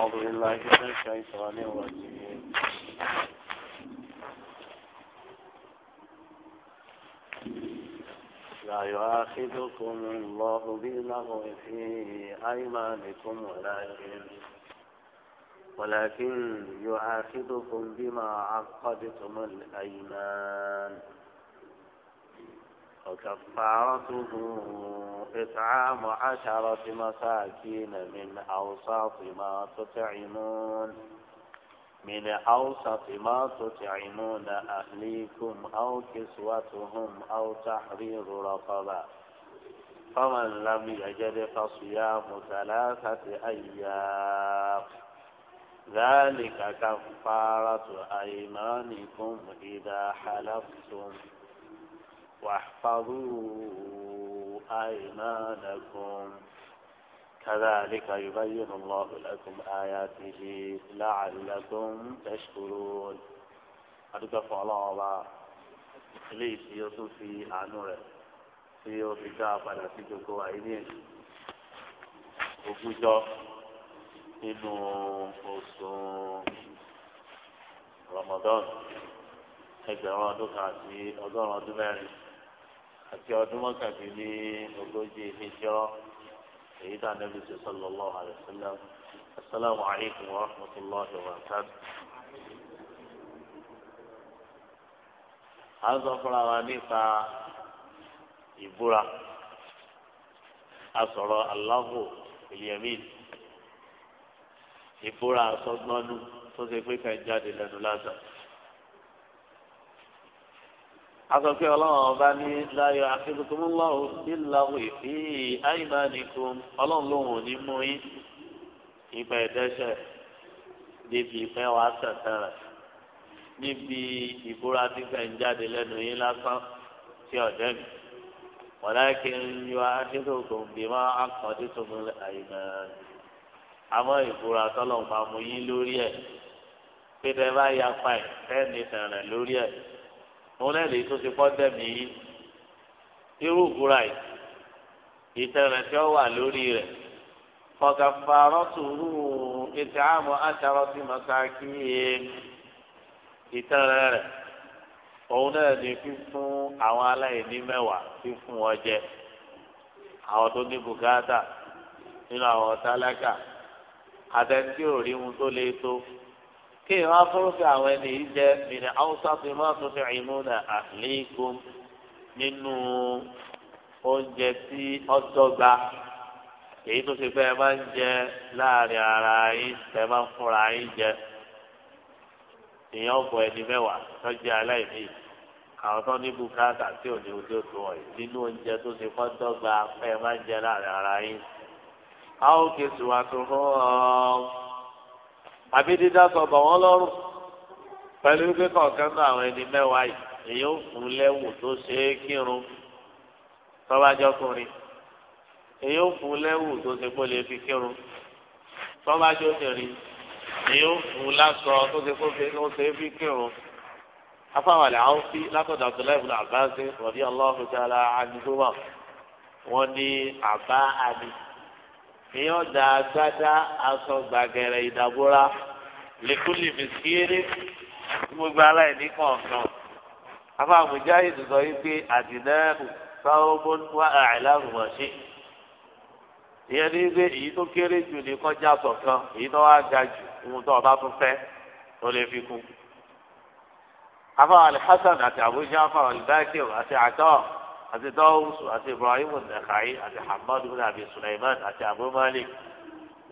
أعوذ بالله من الشيطان الرجيم لا يؤاخذكم الله باللغو في أيمانكم ولكن ولكن يؤاخذكم بما عقدتم الأيمان وكفارته إطعام عشرة مساكين من أوساط ما تطعمون من أوسط ما تطعمون أهليكم أو كسوتهم أو تحرير رقبة فمن لم يجد فصيام ثلاثة أيام ذلك كفارة أيمانكم إذا حلفتم واحفظوا أيمانكم كذلك يبين الله لكم آياته لعلكم تشكرون أدوك فعلا الله ليس يصفي عنه tí ó fi dá padà sí gbogbo àìní ẹ̀ ogúnjọ́ nínú oṣù Ramadan ẹgbẹ̀rún ọdún kan àti ọgọ́rùn-ún ọdún mẹ́rin àti ọdún mọ́kàndínlé ogójì ìjọ èyí tá a nẹ́bí sọ sallallahu alaihi wasallam assalamu alaikum wa rahmatullahi wa barakatuh. a ń sọ fúnra wa nípa ìbúra a sọ̀rọ̀ Allahu al-yamin ìbúra sọgbọ́nú tó ṣe pé ká jáde lẹ́nu lásán asọ̀kè ọlọ́run ọba ní láyọ̀ àfikùnmọ́lọ́run níláwó ìfì àìmánìkùn ọlọ́run lòun ò ní mú yín ìgbà ẹ̀dẹ́sẹ̀ níbi ìfẹ́ wa sẹ̀tẹ̀rẹ̀ níbi ìbúra gbígbà ń jáde lẹ́nu yín lásán tí ọ̀dẹ́ mi wọ́láìkì ń yọ àfikùnkùn bí wọ́n á kọ́ títún àìmánì ìbúra tọ́lọ̀ máa mú yín lórí ẹ̀ pété bá yapa ẹ̀ fẹ́ẹ̀ ní tẹ̀rẹ̀ lórí ẹ̀ òun náà lè tó ti pọ́ dẹ́mi yìí irú ìbúra yìí ìtẹ̀rẹ̀ tí ó wà lórí rẹ̀ kọ̀ọ̀kà fàárọ̀ tòru ètò àmọ́ àtàrọ̀ sí màsáàkì ìtẹ̀rẹ̀ rẹ̀ òun náà ní fífún àwọn aláìní mẹ́wàá fífún wọn jẹ àwọn tó ní bùkátà nínú àwọn tálákà àtẹ̀ntí ò rí ohun tó lè tó kí ni wọ́n fúrúfẹ́ àwọn ẹni yìí jẹ́ mìíràn haúsá tó máa tún fi ìmú na àlékún nínú oúnjẹ tí ọ̀dọ́gba èyí tó ṣe fẹ́ ẹ máa ń jẹ láàrin ara yín ẹ máa ń fúnra yín jẹ èèyàn bọ̀ ẹni mẹ́wàá tó aláìní àwọn tó ní bùkátà tí ò ní ojú tó wọ̀nyí nínú oúnjẹ tó ṣe fọ́ dọ́gba ẹ máa ń jẹ láàrin ara yín. a ó kí sùwàtò fún ọ àbí dídá sọ bọ̀ wọ́n lọ́rùn pẹ̀lú pé kọ̀ọ̀kan náà àwọn ẹni mẹ́wàá yìí èyí ó fún lẹ́wù tó ṣe é kírun tọ́bajọ́kùnrin èyí ó fún lẹ́wù tó ṣe kó lè fi kírun tọ́bajọ́kùnrin èyí ó fún lásọ tó ṣe kó ṣe é fi kírun afáwàlẹ̀ àwọn fi látọ̀dọ̀ abdullahi ibn abbas rọ̀bí allah ta'ala anhu wọn ní àbá àdìs èèyàn da agbádá aṣọ gbàgẹrẹ ìdàbòrà lẹkùlì mìsíkìrì gbogbo aláìní kọ̀ọ̀kan afáàmùjá ìdùnnà yìí pé àdìnẹ́rù sáwọ́mọ́ wà àìláàrùn ọ̀ṣẹ́ ìyẹn ní pé èyí tó kéré jù ní kọjá sọ̀kan èyí tó wá ga jù ohun tó ọba tún fẹ́ tó lè fi kún. afáwọn alhassan àti abuja afáwọn albakir àti àtọ́ àti dawus àti ibrahim nàkàyí àti hamad bin abi suleiman àti abu malik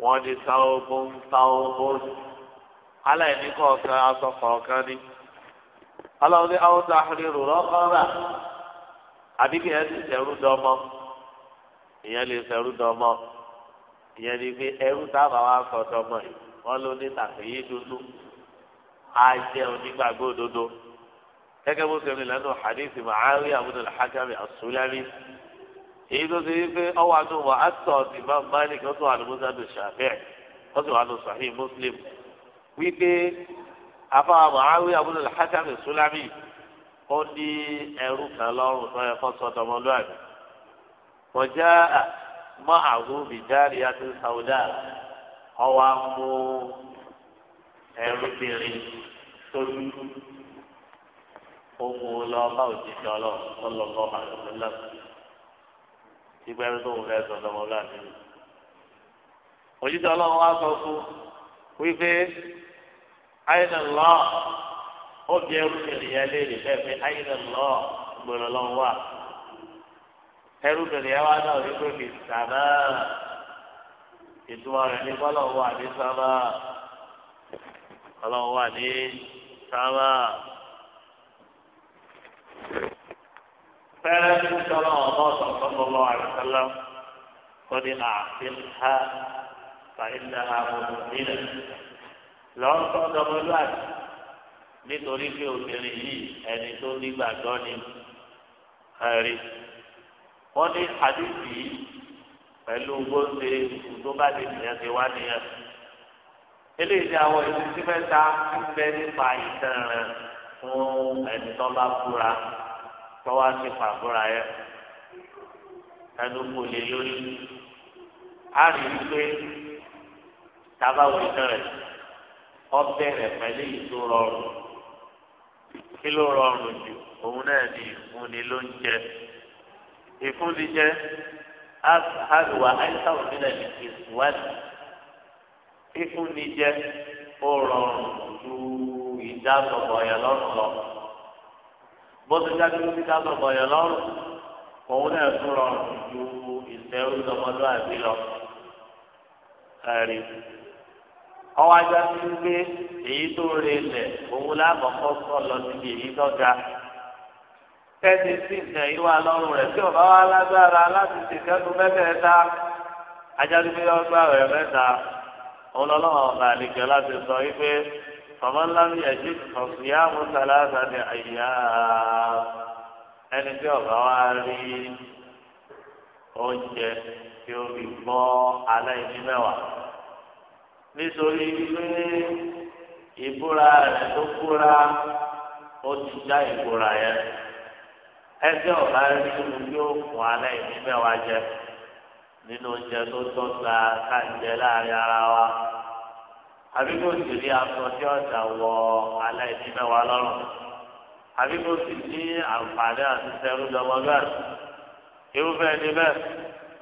wọn ní tawbun tawbun aláìní kọ̀ọ̀kan aṣọ kọ̀ọ̀kan ni aláwọn ní àwọn tahriru raqaba àbí kìí ẹni sẹrú dọmọ ìyẹn lè sẹrú dọmọ ìyẹn ní pé ẹrú táwọn àwọn akọ dọmọ yìí wọn ló ní tàkìyí dúdú á jẹ òdodo gẹ́gẹ́ bó ṣe rìn lẹ́nu hadith mahari abudul hakami asulami èyí tó ṣe yí pé ọwọ́ àti wà á sọ ti máa malik ó tún wà ní musa tó ṣàfẹ́ ó tún wà ní sahih muslim wípé afáwà mahari abudul hakami asulami ó ní ẹrú kan lọ́rùn tó yẹ kó sọ tọmọlúwàbí kọjá mọ́ àgùn bìjáde àti sàwùdà ọwọ́ àmú ẹrú bìnrin tó dúdú ó mú un lọ bá òjijì ọlọ́run sọlọ́gbọ́ àlùfẹ́lá ìgbẹ́rù tó ń fẹ́ sọ̀dọ̀ ọmọ láti rí òjijì ọlọ́run wá sọ fún wípé àyìnà lọ ó bí ẹrú bìnrin yẹn léèrè bẹ́ẹ̀ pé àyìnà lọ gbèrò lọ́n wà ẹrú bìnrin yẹn náà wípé kì sàmà ìtumọ̀ rẹ̀ ní bọ́lọ̀ wà ní sàmà ọlọ́run wà ní sàmà. fẹ́rẹ́ tí ó sọ̀rọ̀ ọ̀nà ọ̀sán sọ́nà lọ́wọ́ àìsàlá kó ní ààfin ha fàìlà àbòrò nílẹ̀. lọ́n sọ́dọ̀ ọmọlúwàbí nítorí pé obìnrin yìí ẹni tó nígbàgbọ́ ni ẹ̀rí. wọ́n ní àdìsí pẹ̀lú gbóńdé tó bá di nìyẹn ti wá nìyẹn. eléyìí ni àwọn ìdí tí ń bẹ nípa ìtàn rẹ̀ fún ẹni tó bá fúra tọ́wá sí fàbúrà yẹ ẹnu kò lè lórí a rí i pé tábà wò sẹ̀rẹ̀ ọbẹ̀ rẹ̀ pẹ̀lú ìtò rọrùn kí ló rọrùn jù òun náà ní ìfúnni ló ń jẹ ìfúnni jẹ àlùwà àìsàn òmìnira ní ìsúwádìí ìfúnni jẹ ó rọrùn ju ìdáàbòbò ọ̀yà lọ́rùn lọ bó ti jáde ló ti dá lọ́bọ̀ yẹn lọ́rùn òun náà tún rọrùn ju ìfẹ́ olùdọ́mọdé àbí lọ. ẹ̀rí ọwọ́ ajá ti ń gbé èyí tó rè lẹ̀ òun lákọ̀ọ́kọ́ sọ lọ síbi èyí tó ga. kẹ́ni sí ìtàn yìí wà lọ́rùn rẹ̀ tí ọba wa lágbára láti ṣèkẹ́nu mẹ́tẹ̀ẹ̀ta ajá ti gbé ọgbà rẹ̀ mẹ́ta òun lọ́lọ́wọ́ ọ̀gá àlejò láti sọ wípé. فمن لم يجد فصيام ثلاثة أيام ẹni tí ọba wa rí oúnjẹ tí ó fi gbọ́ aláìní mẹ́wàá nítorí pé ìbúra rẹ̀ tó búra ó ti já ìbúra yẹn ẹgbẹ́ ọba rí ohun tí ó fún aláìní mẹ́wàá jẹ nínú oúnjẹ tó tọ́ta ká ń jẹ láàrin ara wa àbí kò sì ní aṣọ tí ọjà wọ aláìní mẹ́wàá lọ́rùn àbí kò sì ní àǹfààní àti sẹ́rù lọ́mọgbà irúfẹ́ ẹni bẹ́ẹ̀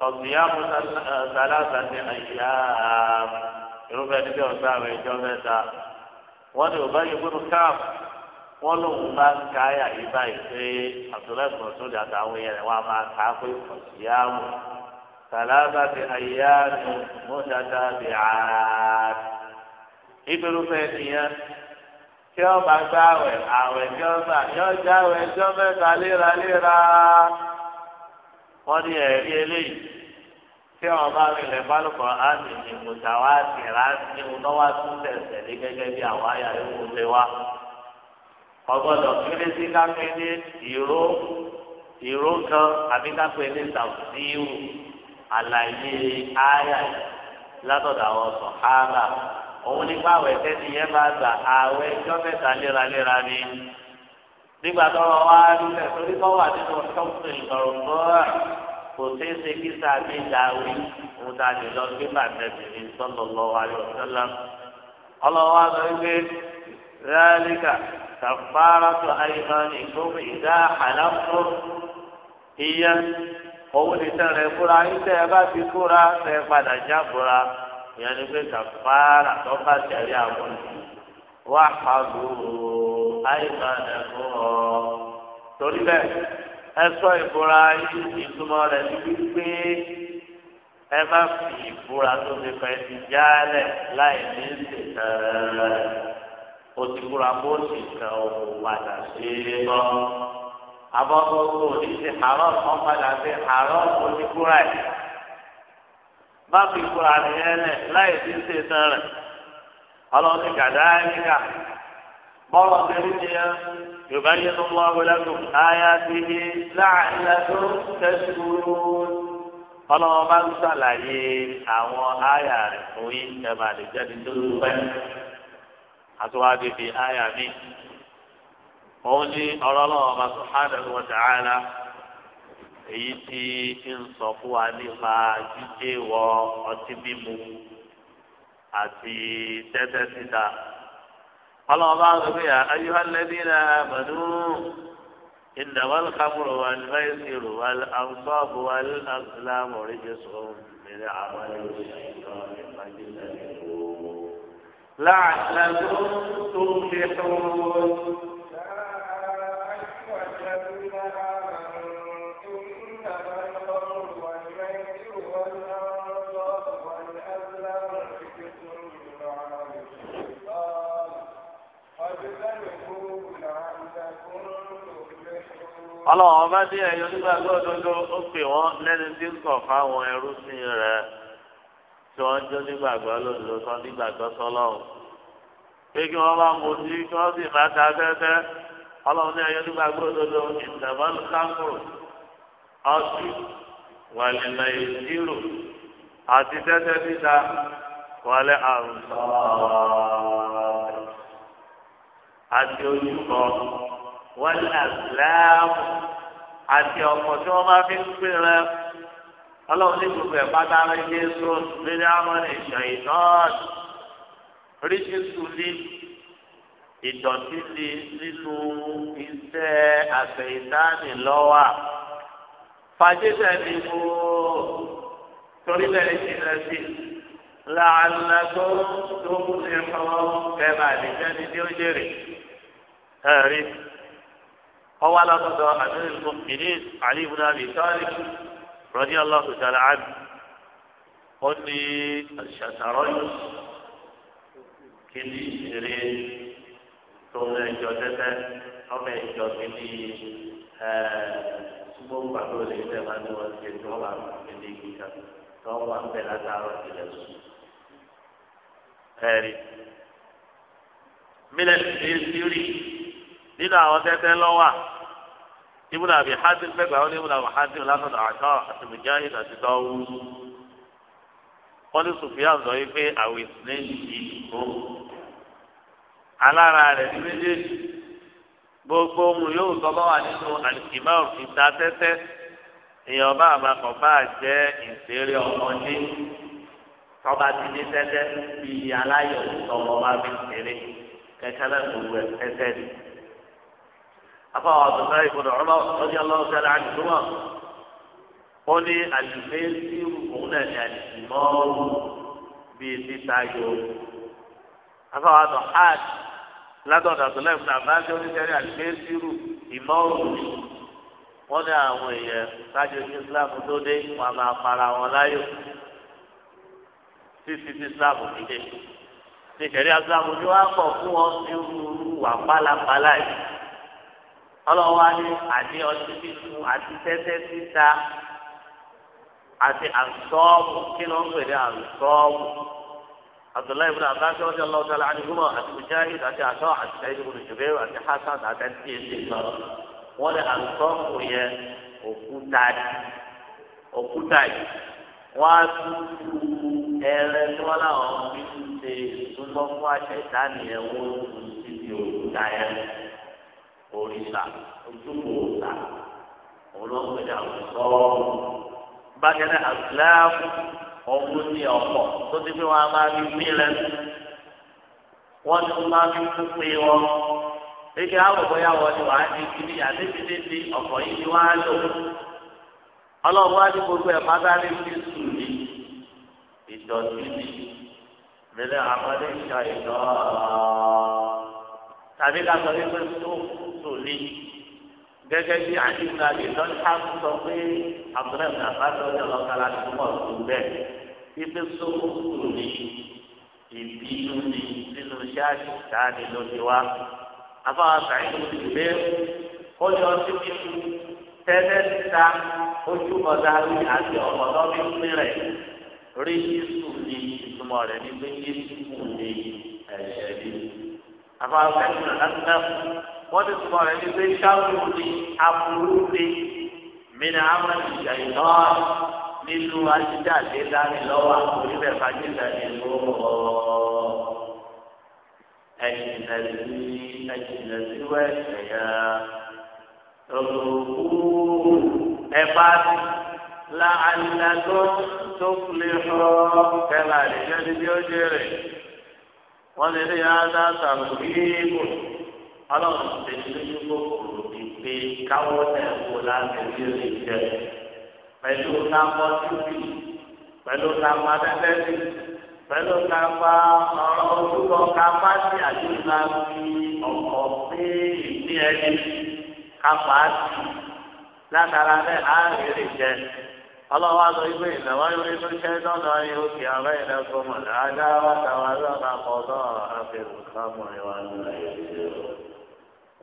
ọ̀gbìyàmù sàlásà ní àyíyá irúfẹ́ ẹni bẹ́ẹ̀ ọ̀sán àwọn ìjọ mẹ́ta wọ́n ní ọba yìí gbọ́dọ̀ káàpù wọ́n lóun bá ń ka àyà yìí báyìí pé àtúnlẹ́gbọ̀n tó dà táwọn yẹn wọ́n á máa kà á pé ọ̀gbìyàmù sàlásà ní àyíyá mọ́ṣáṣá ní ìgbérúfẹ́ nìyẹn tí wọ́n bá gbá àwẹ̀ àwẹ̀ tí wọ́n gbà yọ já àwẹ̀ tí wọ́n mẹ́ta léraléra wọ́n ní ẹ̀rí eléyìí tí wọ́n bá rìnlẹ̀ bálùkọ́ àti ìmùtà wá tìrà ní ọlọ́wà tún tẹ̀sẹ̀ ní gẹ́gẹ́ bí àwọn àyà yòókù lé wa ọgbọ́dọ̀ kéré sí kápẹ́ ní ìró ìró kan àbí kápẹ́ ní sàbùsíwù àlàyé àyà látọ̀dọ̀ àwọn sọ̀hánà òun nípa àwẹ̀ tẹ́tí yẹn máa gbà àwẹ̀ ẹjọ́ mẹ́ta léraléra ni nígbà tọrọ wá lulẹ̀ torí kọ́ wà nínú ṣọ́ọ̀tì ìtọ̀rọ̀ mọ́ra kò sí ṣe kí sáàbí dàwí òun ta lè lọ sí bàtẹ́bì ní sọ́lọ́lọ́ ayọ̀sẹ́lá ọlọ́wọ́ àgbà wípé rẹ́ẹ́líkà kàfárátù àyíkáni gbóhùn ìdá àlàfó ìyẹn òun nìkan rẹ̀ fúra yín tẹ́ ẹ bá ti fúra tẹ́ ẹ padà já fúra ìyẹn ni pé kàfàrà tọ́ka tẹ̀lé àwọn wà pàgò àìmọ̀ ẹ̀kọ́ ọ̀ torí bẹ́ẹ̀ ẹ sọ ìbúra yìí ìtumọ̀ rẹ̀ ní wípé ẹ má fi ìbúra tó fi fẹ́ ti jálẹ̀ láì ní ìsìnkà o ti búra bó sì kàn ó padà sí i lọ àbọ̀ tó o ní ti àárọ̀ kan padà sí àárọ̀ o ti búra yìí. má fi kura nìyẹn lẹ láì fi ṣe tán rẹ ọlọ́run ti gàdá ẹnìkà bọlọ tẹlifí nìyẹn yorùbá yẹn tó mú ti bá ń sàlàyé àwọn àyà tó àtúwádìí fi àyà mi òun ọba èyí tí ń sọ fún wa nípa jíjẹ wọ ọtí mímu àti tẹ́tẹ́ síta. ọlọ́run bá ń sọ pé ayélujára lẹ́bí ra mọ̀nú ìdáwọ́lù kámúrò wà ní báyìísìrò wà ní àwùsọ́ọ̀bù wà ní àgùlámù oríjẹsọ mẹ́rin àwọn ẹlẹ́wọ̀n ìṣẹ̀lẹ̀ ìpàdé lẹ́yìn. láàrín àgbẹ̀wò tó ń fi ẹ̀kọ́ wọn. ọlọ́wọ́n ọba dé ẹ̀yọ́ nígbà gbọ́dọ̀dọ̀ ó pè wọ́n lẹ́nu tí ń kọ̀ fáwọn ẹrú sí rẹ̀ tí wọ́n jó nígbàgbọ́ lòdò sọ nígbàgbọ́ sọlọ́wọ́ pé kí wọ́n bá mú sí kí wọ́n sì máa ta afẹ́fẹ́ ọlọ́wọ́n ní ẹ̀yọ́ nígbà gbọ́dọ̀dọ̀ ìtàbọ̀lù kámúrò ọtí wàlẹ̀ ìdírò àti tẹ́tẹ́ títa wàlẹ̀ àrùn àti ojúbọ wọn àsìláàmù àti ọkọ tí wọn bá fi ń pè rẹ ọlọ́run ní gbogbo ẹ̀ pátá rẹ jésù lórí àwọn èèyàn ìnáàdì ríṣìṣù ní ìdọ̀tí ní nínú iṣẹ́ àtẹ̀yìntánì lọ́wọ́ fàjẹsẹ̀ ni mo torí bẹ́ẹ̀ ti rẹ sí làálà tó tó kú ní ẹ̀kọ́ kẹ́ẹ̀bà nìkan ni tí ó jèrè ọwọ́ alátọ́tọ́ àmìlẹ̀ mọ̀mìnì Ali ibn Abi Talib radiyallahu ta'ala anhu ó ní ṣàṣàrọ̀ yìí kí ni ìṣeré tó ń ẹjọ́ tẹ́tẹ́ ọmọ ẹjọ́ kí ni ṣùgbọ́n pàtó lè tẹ̀ wá ní wọn ṣe tí wọ́n bá fi ní kíkà tí wọ́n wá ń bẹ̀ látàárọ̀ ìlẹ̀ sùn. ẹ̀rí mílẹ̀ ti ṣe é sí rí nínú àwọn tẹ́tẹ́ lọ́wọ́ ibùdó àbí hasim fẹgbà ó ní ibùdó àbí hasim látọ̀dọ̀ àṣà àti mujahid àti tọwú wọn ní sùfìyàn sọ wípé àwọn ìsìlẹ yìí kó alára rẹ ní méjèèjì gbogbo ohun yóò sọ bá wà nínú àlìkìmáwò ìta tẹtẹ èèyàn bá àbàkọ bá jẹ ìṣeré ọmọdé tọba ti ní tẹtẹ bíi aláyọ̀ ìtọ́ ọmọ ṣeré kẹkẹrẹ gbogbo ẹ̀ tẹtẹ nìyí afọwọ́ àtúntà ìfọdù ọmọ ọdí ọlọ́run sẹ́lẹ̀ àdìsúmọ̀ ó ní àlùfẹ́ sí òun náà ní àdìsúmọ́ bíi títa yòó afọwọ́ àtọ̀ hàd látọ̀dọ̀ àtúntà ìfọdù àbájọ oníṣẹ́rẹ́ àlùfẹ́ sírù ìmọ̀ òun wọ́n ní àwọn èèyàn sáájú islam tó dé wọn máa para wọn láyò títí tí islam fi dé ní ìṣẹ̀rí islam ni wọ́n á pọ̀ fún wọn ní irú wà pálapàla yìí ọlọ́wà ni àti ọtí mímu àti tẹ́tẹ́ títa àti àǹsọ́ọ̀mù kí ló ń pè ní àǹsọ́ọ̀mù abdullahi ibn abbas rọ́jò allahu ta'ala anihuma àti mujahid àti àtọ́ àti sẹ́yìn ibn jubeir àti hasan àti ẹ̀ńtí ẹ̀ńtí kan wọ́n ní àǹsọ́ọ̀mù yẹn òkúta òkúta yìí wọ́n á tún ẹ̀rẹ́ tí wọ́n láwọn fi ṣe ìtúbọ̀ fún àṣẹ ìdánìyẹ̀wò síbi òkúta yẹn òrìṣà ojúbọ òòṣà olóńgbèdè àwùjọ bákẹ́lẹ́ àgbẹ̀láàmù ọ̀hún ní ọ̀pọ̀ tó ti fi wọn a máa fi pín lẹ́nu wọ́n ti máa fi kú pé wọn eke awọ̀bọ̀ yà wọ́n ni wọ́n á di kiri àdébídé di ọ̀pọ̀ yìí ni wọ́n á lò ọlọ́run á ní gbogbo ẹ̀ pátálí fi sùn ní ìdọ̀tí ní mílẹ̀ àmọ́lé ìṣà ìdọ́ tàbí ká sọ wípé sóòfù sòlè gẹ́gẹ́ bí àdìgbà lè lọ́jà sọ pé àbúrò ìgbà bá lọ́jà lọ́kàlà tó mọ̀ tó bẹ́ẹ̀ ibi sọ́kù sòlè ìbínú ni nínú ṣáàṣì sáàdì lóde wa afáwọn sàyẹn ló ti gbé kọjọ síbi tẹ́lẹ̀ ta ojú ọ̀dà rí àti ọ̀pọ̀ lọ́bí pín rẹ̀ rí yíṣù ní ìtumọ̀ rẹ̀ ní pé yíṣù ní ẹ̀ṣẹ̀ rí afáwọn sàyẹn ló ti gbé wọ́n ti túbọ̀ rẹ̀ ní pé sáwùrù ni aburú ni mìíràn àwọn ìjà ìná nínú ajídá lé dání lọ́wọ́ oníbẹ̀ fàjíjà ní gbogbo ẹ̀jìnà sí ẹ̀jìnà sí wẹ̀sẹ̀ yá lọ́sọ̀kú ẹ̀fà láàlá tó tó kulè xọ́ kẹlà lè jẹ́ níbi ó jẹ́rẹ̀ wọ́n lè rí yàrá sàmùkí kù ọlọ́run ti tẹ̀lé lójú kòkòrò ti pé káwọ́ náà wò láti rí rí jẹ pẹ̀lú káwọ́ títì pẹ̀lú káwọ́ abẹ́fẹ́ sí pẹ̀lú káwọ́ ọ̀rọ̀ ojúbọ káwọ́ sí àdúrà fi ọ̀pọ̀ pé ìpín ẹni káwọ́ sí látara bẹ́ẹ̀ á rí rí jẹ ọlọ́wọ́ àlọ́ ìwé ìnáwó ìwé tó ṣe lọ́nà ìhókè àwọn ẹ̀rọ gbọmọdé adáwọ̀ tàwọn ẹ̀rọ àkọ́dọ̀ àfẹ́rù kámọ̀ ìwà ńlá ìdílé o.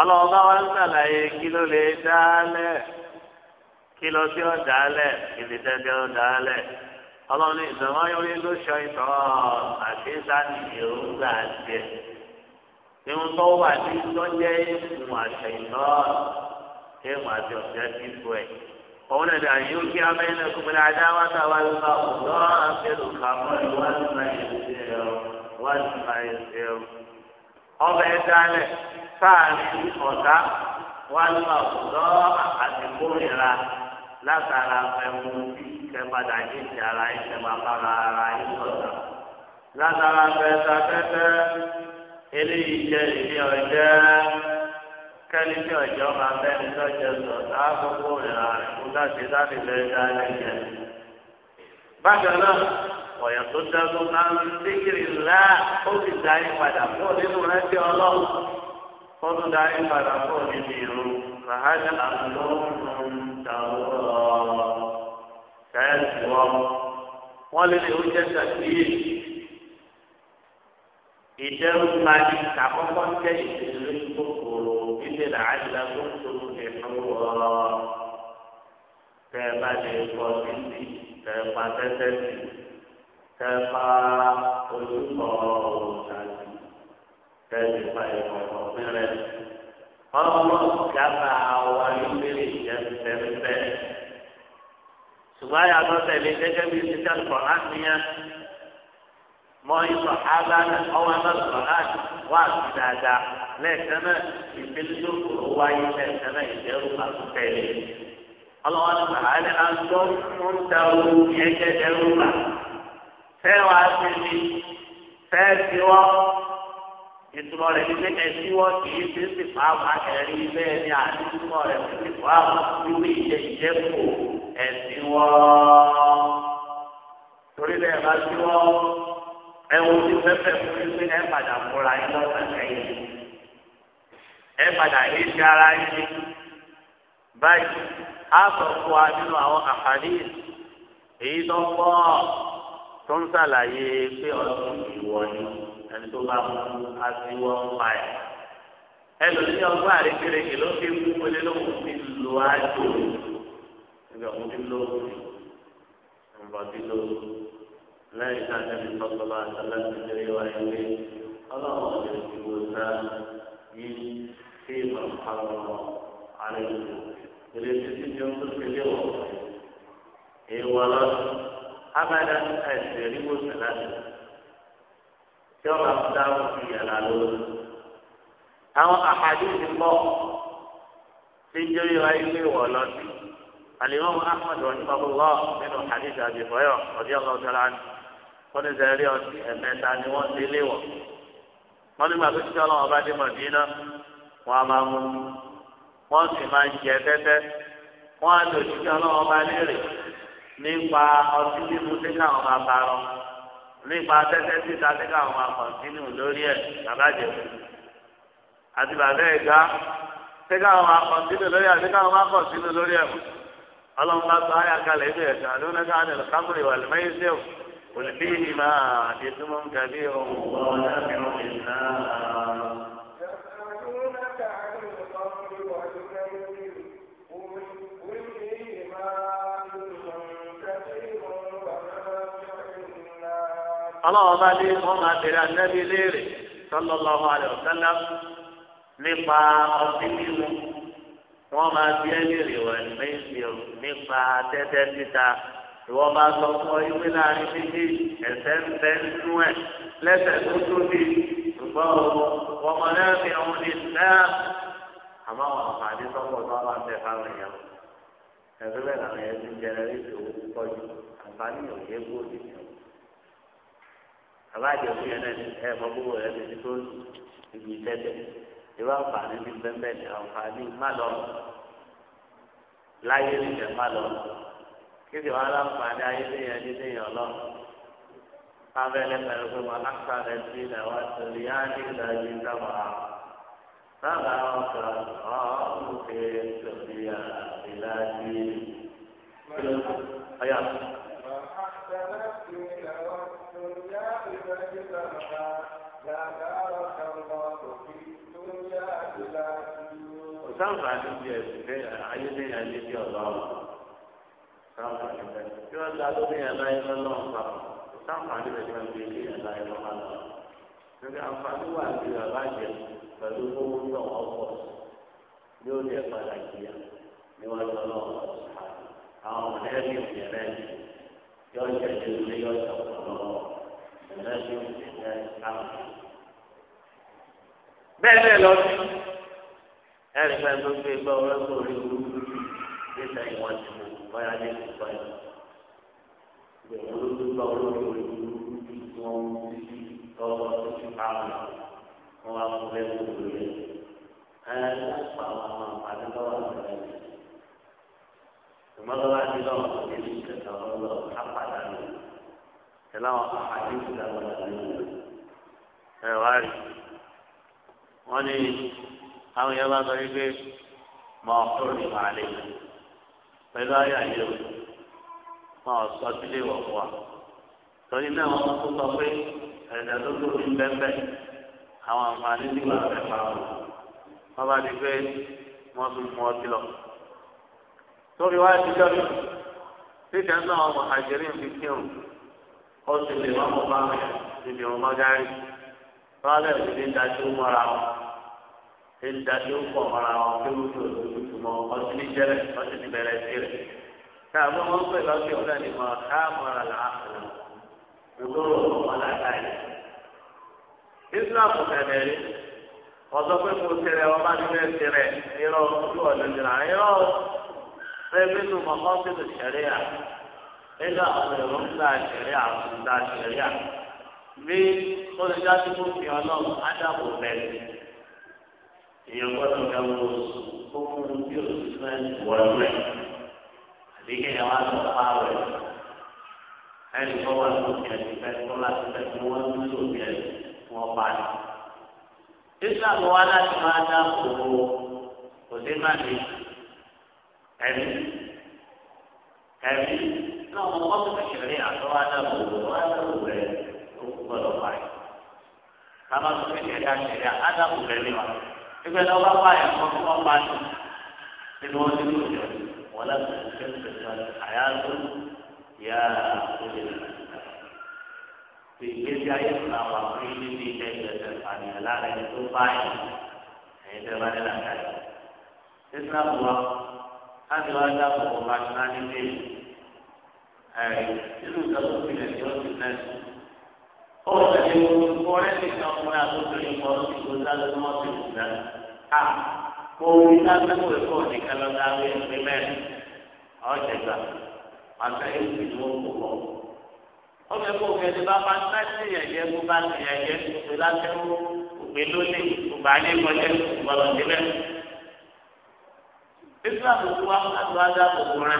ọlọ́run bá wá ń sàlàyé kí ló lè dá lẹ̀ kí lọ sí ọ̀dà lẹ̀ kí lè dẹ́dẹ́ ọ̀dà lẹ̀ ọlọ́run ní ìdánwò ayọ̀rẹ́ ló ṣọ ìtọ́ àti sáni èròǹgbà jẹ ìhun tó wà ní lọ́jẹ́ ìhun àṣẹ ìtọ́ ìhun àti ọ̀jẹ́ fífò ẹ̀ òun náà dà yín kí abẹ́yẹn kúmọ̀ ní adáwà táwa ló bá wù lọ́ọ́ àfẹ́lù kàmọ́ ìwádìí máa ń ọbẹ̀ dálẹ̀ sáàrin ọ̀tá wà lọ lọ àti kórìíra látara ẹ̀wù kẹpadà yìí ara yìí kẹpàpàrà ara yìí ọ̀tá látara fẹsẹ̀ fẹsẹ̀ eléyìí jẹ́ ìdí ọ̀jẹ́ kẹ́lí tí ọ̀jọ́ máa bẹ́ni lọ́jọ́ sọ̀tá gbogbo ìrà rẹ̀ kó láti láti bẹ́ẹ̀ dálẹ̀ jẹ́. bákan náà. ọ̀yà tó dágbó máa ń dékìrì ńlá ó sì darí padà pọ̀ nínú rántí ọlọ́run ó tún darí padà pọ̀ nínú ìlú fàhájà àlọ́run tàwọ̀ kẹ́ẹ̀sì wọn. wọ́n oúnjẹ sàkíyè kàkọ́kọ́ jẹ́ kòkòrò tó ń tó bá lè kọ́ tẹ́fà olùkọ́ òṣàlù tẹ́lẹ̀ fà ìwọ̀n mẹ́rẹ̀. ọmọ ìjàmbá wa ìbéèrè ìjẹ́sẹ̀fẹ́. ṣùgbọ́n àyàtọ̀ tẹ̀lé gẹ́gẹ́ bí ṣíṣe àlùkò ánìyàn mọ ìsọ̀ ábáná ọwọ́ ẹ̀mọ́sọ̀ láti wá sí dáadáa lẹ́ẹ̀kan náà ìfẹ́lẹ́dọ́kọ̀ wáyé lẹ́ẹ̀kan náà ìjẹ́rù àtúntẹ̀lé. ọlọ́wọ́n ti sàlàyé àjọ ń ẹ̀jẹ̀ ẹ̀rù bàtà fẹ́ wá sinmi fẹ́ siwọ́ ìtumọ̀ rẹ̀ ní pé ẹ̀síwọ́ kì í ṣe sì fà á ẹ̀rí bẹ́ẹ̀ ni àdúgbò rẹ̀ ti ti fà á lórí ìjẹ ìjẹ́kù ẹ̀síwọ́. torí bẹ́ẹ̀ bá siwọ́ ẹ̀wọ̀n ti fẹ́fẹ́ fún mi pé ẹ padà múra yín lọ́sàn-án ẹ padà yé ti ara yín báyìí á sọ fún wa nínú àwọn àfààní èyí tó ń bọ́ tó ń ṣàlàyé pé ọlọ́run ìwọ ni ẹni tó bá mú aṣíwọ́ ń pa ẹ̀. ẹlòmíì ọgbà àrékèrèké ló fi mú wọlé lóhùn ti lo àjò níbi ọ̀hún ti lo ọ̀rọ̀ ti lo lẹ́yìn tí a ti fi tọ́jú bá aṣọ́lá ti tẹ̀lé wa ẹgbẹ́ ọlọ́run ọ̀dẹ̀ ti wò sá yí sí ìmọ̀lùpàlọ́ àrẹ ìlú. ìrètí ti di ohun tó ti lé wọ̀ ẹ̀wọ̀ abada ẹsẹ̀ ríwó sàlátì tí wọn bá fún dáhùn sí yàrá lórí. àwọn àhàdí ti pọ̀ tí jẹ́rìí wa ilé wọ̀ lọ́sí. الإمام أحمد رحمه الله من حديث أبي هريرة رضي الله تعالى عنه قال زاري أتي أمات عن وان ليوا قال ما بشت الله بعد مدينة وأمامهم وان في ما جدته وان بشت الله بعد nípa ọtí mímu tí káwọn máa bá rọ nípa tẹ́tẹ́ títa tí káwọn máa kọ̀ǹtínú lórí ẹ̀ bàbájẹ́ àti bàbá gá tí káwọn máa lórí káwọn máa lórí bá ibi ká ní wà sí àti ọlọ́run bá ní wọ́n máa tẹ̀lé anábì léèrè sallallahu alaihi wasallam nípa ọtí mímu wọ́n máa bí ẹni rè wọ́n méjì nípa tẹ́tẹ́ títa ìwọ bá sọ fún ọ ìwé láàrin méjì ẹ̀sẹ̀ ń bẹ́ nínú ẹ̀ lẹ́sẹ̀ tó tóbi ṣùgbọ́n ọmọ náà fi ọ̀hún ní náà àmọ́ àwọn àǹfààní sọ́kọ̀ tó wà ń bẹ fáwọn èèyàn ẹ̀sùn bẹ́ẹ̀ làwọn èèyàn ti jẹrẹ ní ìṣòwò púpọ̀ àǹfààní òye àbájọ fún yẹn náà ẹ mọ gbogbo rẹ ti tó ibi tẹ́tẹ́ irú àǹfààní ní bẹ́ẹ̀ ní àǹfààní má lọ láyé nìyẹn má lọ kíkì wọn aláǹfààní ayé nìyẹn ní nìyẹn lọ abẹ́lẹ́ pẹ̀lú pé wọn láǹkà rẹ sí ilẹ̀ wọn torí á ìdájí dáwà sábà ọkọ̀ ọ̀hún tòbí àbíláàjì. ọ̀yà. sáǹfà ní bí ẹ̀sìn fẹ́ ayélujára ayé bí ọ̀gá ọ̀gá sáǹfà ní bẹ́ẹ̀ tí wọ́n gba lórí ẹ̀la ẹ̀rọ lọ́wọ́ pa sáǹfà ní bẹ́ẹ̀ tí wọ́n gbé lé ẹ̀la ẹ̀rọ máa lọ. níbi àǹfààní wà ní bàbá jẹ pẹ̀lú owó náà wọ́n pọ̀ sí ní ó lè padà jìyà ní wọ́n lọ lọ́wọ́ àwọn mọ̀lẹ́bí ìrẹ́ yọ̀ọ́ jẹ́ ìrẹ́ yọ̀ọ́ bẹ́ẹ̀ bẹ́ẹ̀ lọ sí ẹ̀rí pẹ́ tó gbé gbọ́ ọlọ́gbọ́n orí wu ní sẹ́yìn wọn ti mú báyà ní ìgbà yìí gbẹ̀wò ló tó gbọ́ ọlọ́gbọ́n orí wu ní wọn ti tọ́wọ́ tó ti pa wọn wọn wá fún bẹ́ẹ̀ tó gbé ẹ̀ ẹ̀ pa wọn àwọn àǹfààní lọ́wọ́ àgbẹ̀rẹ̀ yìí lọ́wọ́ àti èyí kẹta ọlọ́ apàdà wọ́n ní àwọn yẹn bá sọ wípé mọ ọkùnrin ní màálé pẹ̀lú ayé ayé o mọ ọ̀sọ́ sílé wọ̀ fún wa torí náà wọ́n tún sọ pé ẹ̀dá tó tóbi bẹ́ẹ̀ àwọn àǹfààní tí wọ́n fẹ́ pa wọn wọ́n bá di pé wọ́n tún mú ọtí lọ. torí wá ìdíjọ́ mi títẹ̀ náà ọmọ àjẹrí ń fi lè wọ́n mọ̀ bá mi níbi ọmọ gáárì. tọ́lẹ̀ ti fi dájú mọ́ra wọn ti dájú pọ̀ wọn kí wọ́n tó dúdú mọ́ ọtí ní jẹ́rẹ̀ ọtí ní bẹ̀rẹ̀ sí rẹ̀. káàbọ̀ wọn pè lọ́sẹ̀ ọ̀rẹ́ ni mọ̀ káàmọ̀ra làákùnrin nítorí ọ̀pọ̀ látàrí. Islam kẹ̀lẹ́ rí ọ̀sọ́ pé mo tẹ̀rẹ̀ bẹ́ẹ̀ tẹ̀rẹ̀ irọ́ ojú ọ̀dọ̀ irọ́ bí olùdá tí mo fi ọlọ́run ádàbò lẹ́nu èèyàn gbọ́dọ̀ ga wo kó fún un bí òṣìṣẹ́ wọ̀ọ́rọ̀ rẹ̀ àbí kéèyàn wá lọ pa rẹ̀ ẹnì kan wà lókè ẹ̀sìn bẹ́ẹ̀ tó láti bẹ́ẹ̀ tí wọ́n ń lò bí ẹ̀sìn tí wọ́n pa Islam wa láti máa dá òwò òdèmàdé ẹ̀mí ẹ̀mí náà wọ́n tó fi ṣẹ̀rí àtọ́wádà wọ́n á lọ rẹ̀ gbọ́dọ̀ parí kama tó fi ṣẹ̀dá ada ádàbò lẹ́lẹ́ wa ẹgbẹ́ náà bá wáyà kọ́ fún wọn bá tó nínú wọn nínú ìjọ wọn láti fi ṣe ṣe ṣe àyà tó yà ó lè rà tó ìgbésí ayé fún àwọn àwọn ilé ní ilé ìjọsẹ̀ àníyàn lára ẹni tó báyìí ẹ̀yin tẹ́ bá dé làkà yìí sísá bu wa láti wá dáàbò bò máa ṣe náà ní ilé ẹ̀ nínú ìjọsìn ìpínlẹ̀ tí ó ti náà ọwọ́ tẹ̀lé gbogbo ọ̀rẹ́ ti kan fún ẹ àtúntòyìn kan ti kó sáré tó wọ́n ti kú dá. a kò ní lásìkò ẹ̀kọ́ nìkan lọ sáré ẹgbẹ́ mẹ́rin ọ̀jẹ̀ gbà àgbà yóò fi tó kó pọ̀. ó fẹ́ kó fẹ́ ti bá bá ń tẹ́sí ẹ̀jẹ̀ kó bá ti ẹ̀jẹ̀ tó lásìkò òpè lónìí òbá ní kọjá ìgbọ̀lọ̀ níbẹ̀. islam tó wá láti wá dá òkú rẹ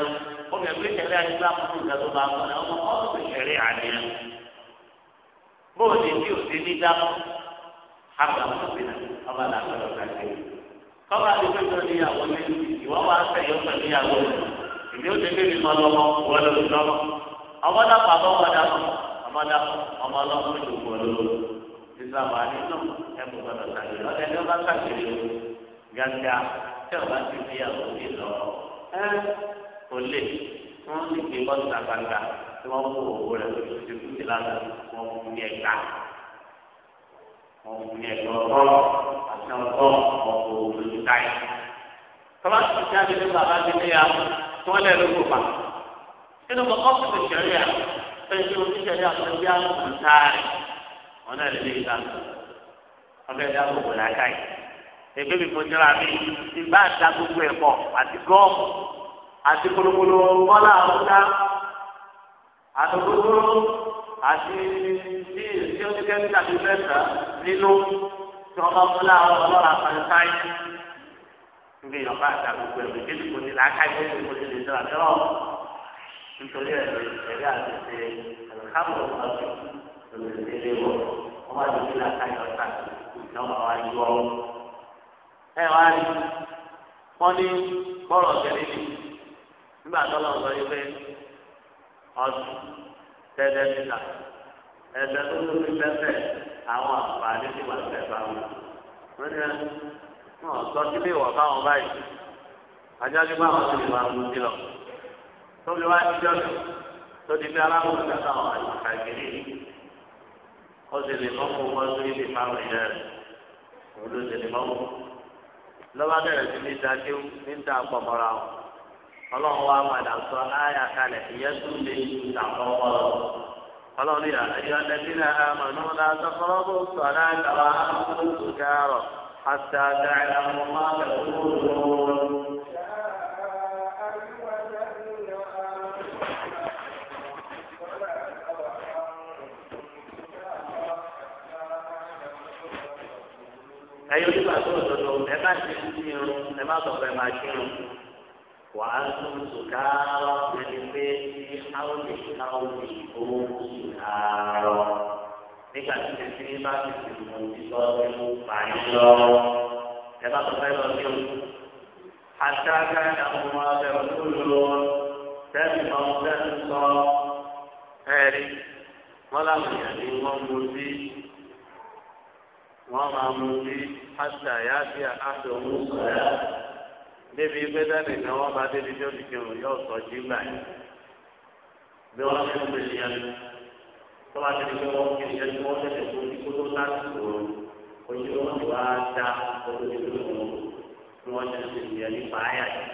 ó fẹ́ pé tí ò sí ní dámọ́ àgbà ọ̀sìn ọba làbẹ̀ ọ̀gá ṣe. kọ́ba ti pé sọ́ni ìyàwó ní ìwọ́ wa ń tẹ̀yọ́ pẹ̀lú ìyàwó rẹ̀ ìdí ó ti gbé mi mọ́ lọ́mọ wọ́n lọ sí lọ́mọ. ọmọ dàpọ̀ àbọ̀ ọmọ dàpọ̀ ọmọ dàpọ̀ ọmọ ọlọ́mọ ìdòwò lọ́wọ́. ìsìlámù àdínú ẹ̀kú gbọdọ̀ sàgbèrè ọ̀dẹ̀ ni ó bá sàgbèrè o gàdá tẹ̀ ti fi ìyàwó lọ ẹ́ kò lè wọ́n ti gbé bọ́ọ̀lù sàgbàgbà tí wọ́n kó òwò rẹ̀ lóṣù tó ti lánàá wọ́n ní ẹ̀ka. ọkùnrin ẹ̀dọ̀ ọ̀tọ̀ àti ọ̀tọ̀ ọ̀pọ̀ òdòdó táyà. tọ́lá ti ti dị nípa bá ti léya tí wọ́n lé lóko pa. nínú kọ́kọ́ fún ìṣẹ̀rí à fẹ́ẹ́ tó ìṣẹ̀rí à fẹ́ẹ́ bí àgùntàn táàrí wọn náà lè lè gbà ọbẹ̀ dá gbogbo làákà yìí. èmi mi kò ati mi ati bá da gbogbo ẹ̀kọ́ àti gọ́ọ̀mù àti kolokolo nínú tí wọ́n bá mú láwọn ọlọ́ra pàṣẹ níbi ìyọ̀bá àtàkùn pẹ̀lú ìdílé kò ní lákàgbé kò ní lè sọ̀rọ̀ àtẹ́rọ̀ nítorí ẹ̀rọ ìṣẹ̀lẹ̀ àti ṣe ẹ̀rọ káàbọ̀ ọ̀sán lórí ìṣẹ̀lẹ̀ wọ̀ wọ́n bá ti fi lákàgbé ọ̀sán ìjọba wa yọ ọ́. ẹ wá rí wọ́n ní bọ́ọ̀lù ọ̀gẹ̀rẹ̀ ni nígbà tó lọ sọ yìí pé ọ̀sùn tẹ́tẹ́ níta ẹ̀sẹ̀ tó tó fi bẹ́ẹ̀ àwọn àǹfààní tí wọ́n fẹ́ bá wọn. wọ́n ní sọ sí ilé ìwọ̀ báwọn báyìí ajá ní báwọn ti wà lù sí lọ. tóbi wá ní jọ́nù tó bí aláwọ̀ kàkà wọn àgbèrè ó sì lè mọ́kò wọn lórí ibi fáwọn ìyá rẹ̀ òun sì lè mọ́kò. lọ́wọ́ bẹ̀rẹ̀ sí ní dákéwù ní ń dá wọn. ọlọ́run wa padà sọ láyà kalẹ̀ ìyẹ́sùn lè ṣàkọ́wọ́ lọ ọlọ́run yà ayọ́ ẹbí náà àmọ̀nà látọ̀kọ́rọ́ bó sọ̀rọ̀ àgbà àwọn olùkárọ̀ àti àdáyà mọ́ máa lọ́wọ́ ẹ̀yin onígbà tó ń sọ̀tọ̀ ẹ má ti ń kírun ẹ má sọ̀tọ̀ ẹ má kírun wà á tún sùkárọ̀ ẹni pé àwọn lè ká omi òun sùkárọ̀ nígbà tí tètè bá ti ti mú ìtọ́ nínú báyìí lọ ẹ bá tó fẹ́ lọ sí o. Àtàkà débi pé dáàbì kan wọ́n bá débi tí ó ti kírun yóò sọ jí gbà yìí bí wọ́n fún mi ní ẹnu tó bá débi pé wọ́n kí ẹni wọ́n tẹ̀lé fún mi kó tó láti wòrò ojú wọn ti wá dá ojú tó tó wò bí wọ́n ti ti ní ẹni pa áyà yìí.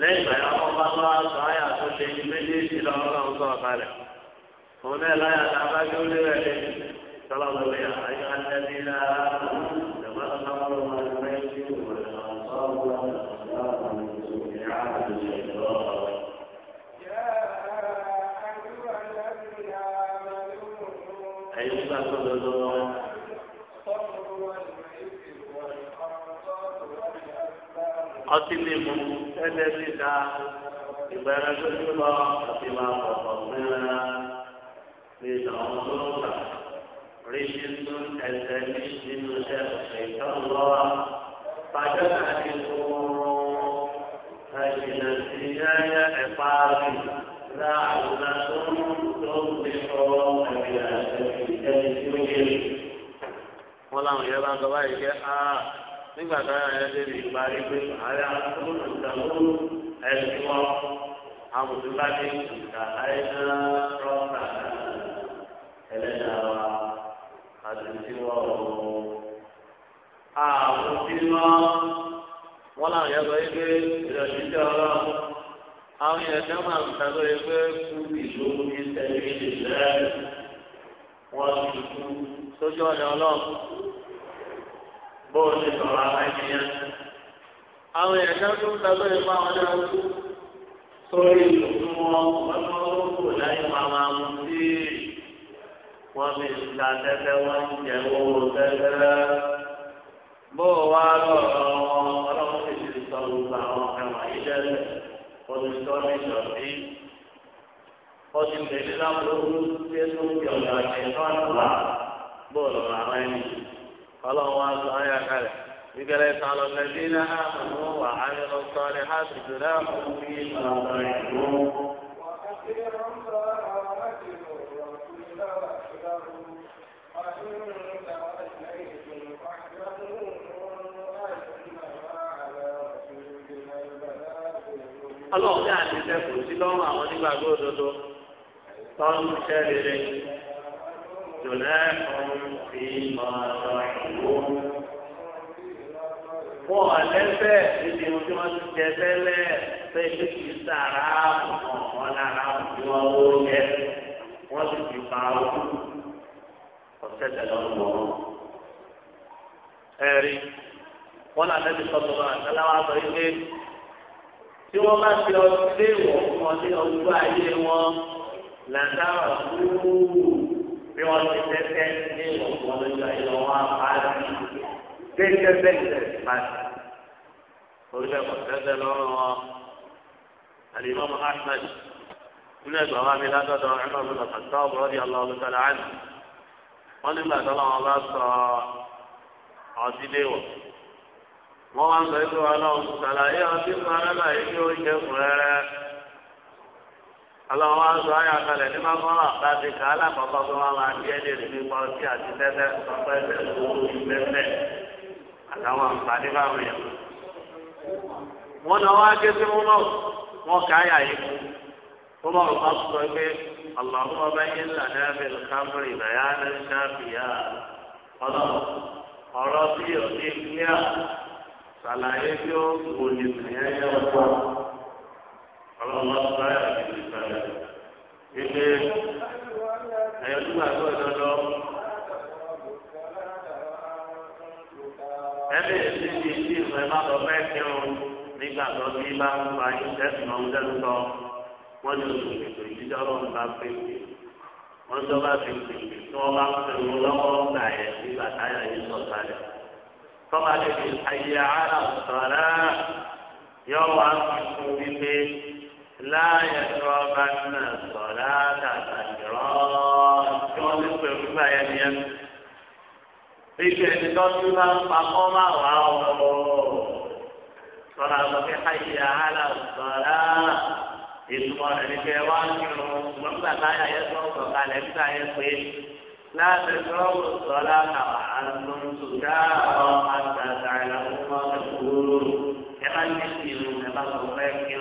lẹ́yìn ìgbà yẹn wọ́n bá tó aṣọ áyà tó ṣe ní méjèèjì lọ́wọ́ sọ̀rọ̀ kalẹ̀ òun náà láyà tá a bá gbé ó lé rẹ̀ lé tọ́lá ọtí lè mú ẹlẹ́rìí dá ìgbẹ́rẹ́ tó ti lọ àti máa pọ̀pọ̀ mẹ́ra lè dà ọ́n tó ń gbà rí nínú ẹsẹ̀ ní nínú ẹsẹ̀ ìtàn lọ́wọ́ pàjọ́ àti kúrú ẹ̀yìn àti yáyá ẹ̀fà rí láàrúdà tó ń mú. wọn làwọn yẹn bá ń sọ báyìí pé a nígbà táwọn yẹn débi ìparí pé ààrẹ àtúntò ẹsùn wọn amòtúbá ní ìgbà àìsàn rọ́ọ̀tà ẹlẹ́dàá wa àtúntì wọn ò àwọn tí wọn wọn làwọn yẹn sọ pé ìrọ̀lẹ́ tí ọlọ́run àwọn yẹn tẹ́ máa ń ta lóye pé kú ìlú ní tẹ̀lé ìlú rẹ̀ ti kú sójú ọ̀dọ̀ ọlọ́run bó o ti sọ̀rọ̀ àwọn ènìyàn. àwọn èèyàn náà tún sọgbẹ́ ìfọ́ àwọn náà kú sórí ìlú wọn ọlọ́run kò láyé máa máa mú sí wọ́n fi ta tẹ́tẹ́ wọ́n ń jẹ owó tẹ́tẹ́. bó o wá lọ́rọ̀ wọn ọlọ́run sì ti sọ gbogbo àwọn ẹ̀wọ̀n yìí tẹ́lẹ̀ o ti sọ ní ìṣọ̀tí o ti tẹ̀lé lábúrò tí ó ń fi ọ̀gá ṣe náà lọ́wọ́. bóòlù àwọn ẹni ọlọ́run wa sọ ayé akalẹ̀ ìgbẹ́lẹ̀ sàlọ̀ lẹ́bí náà àmọ́ wà á yẹ lọ sọ ní àtìtù náà fún mi ọ̀rọ̀ ìlú. ọlọ́run ní àtìtẹ́ kò sí àwọn òdodo tọ́lú rere. جناح فيما رحمون wọn ọlẹsẹ níbi ohun tí wọn ti jẹ tẹ́lẹ̀ pé kí kì í sàrà ọmọ lára òbí wọn ó yẹ wọn sì ti pa owó ọ̀sẹ̀ tẹ́lẹ̀ ọmọ ẹ̀rí wọn là lẹbi sọtọ náà sẹlẹwà sọ yìí pé tí wọn bá ti ọdún léèwọ̀ fún ọdún ayé wọn làǹdà wà fúúú bí wọ́n ti tẹ́tẹ́ ní ìwọ̀n lọ́jọ́ ìlọ wọn àbáyé tẹ́tẹ́ bẹ́ẹ̀ báyìí. orílẹ̀ èdè tẹ́tẹ́ lọ́rùn wọn àlìmọ́ muhammed nínú ẹgbẹ́ wa mi látọ̀dọ̀ ẹ̀rọ mi lọ́kà tó ọ̀bùrọ̀ di ọlọ́ọ̀lù tẹ̀lé àná. wọ́n nígbà tó lọ́wọ́ bá sọ ọtí léwọ̀. wọ́n wá ń sọ ikú ọlọ́run sàlàyé ọtí fún arábàá yìí kí ó jẹ́ fún rẹ́rẹ́ ọlọ́run wá sọ ayé àkàlẹ̀ ní mọ́kànlá láti kà á lápapọ̀ pé wọ́n máa bí ẹni rẹ̀ nípa ọtí àti tẹ́tẹ́ ọpẹ́ tẹ́tẹ́ ìgbẹ́fẹ́ àtàwọn àǹfààní báwọn yẹn. wọ́n lọ wá ké sí múlò wọ́n kà á yà yìí kú wọ́n mọ̀ ọ́ sọ pé ọlọ́run ọba yín là ní abẹ́lú kámúrì ìbẹ̀yà ní sáfìyà ọlọ́run ọ̀rọ̀ bí òní ìpínlẹ̀ sàlàyé tí ó wò ní ìpínlẹ̀ yẹn ọlọ́run lọ sọ ayọ̀ ìlú ìsọ̀rọ̀ ìpè ẹ̀yọ́ tó gbà tó ìdọ́dọ́ ẹ̀mí èsì ti ti ìfọ̀ ẹ̀ má lọ fẹ́ kírun nígbà tó bí bá ń fa ìtẹ́sùn ọ̀hún tẹ́sùn lọ wọ́n ní oṣù kìtò ìdíjọ́ ọlọ́run bá pè é wọ́n tó tọ́ba lè ayé ara sọ̀rọ̀ yọ wá fún wípé láàyè tó ọba náà sọ̀rọ̀ àtàtàkìrọ̀ tí wọ́n ti pè fún báyà ni ẹ. Ibi ẹni tó tún bá ń pa kọ́ máa wà ó. Sọ̀rọ̀ àwọn fi háyè àhálà sọ̀rọ̀ ìtumọ̀ rẹ̀ ní kẹ́ wá ń kírun. Ṣùgbọ́n nígbà táyà yẹ tó ń sọ̀ kalẹ̀ nígbà yẹ pé láti sọ̀rọ̀ sọ̀rọ̀ àwọn àtúntò dáhùn àtàtà ìlànà ọmọ ẹ̀kúrò. Ẹ bá ní ìlú ẹ bá sọ fẹ́ kí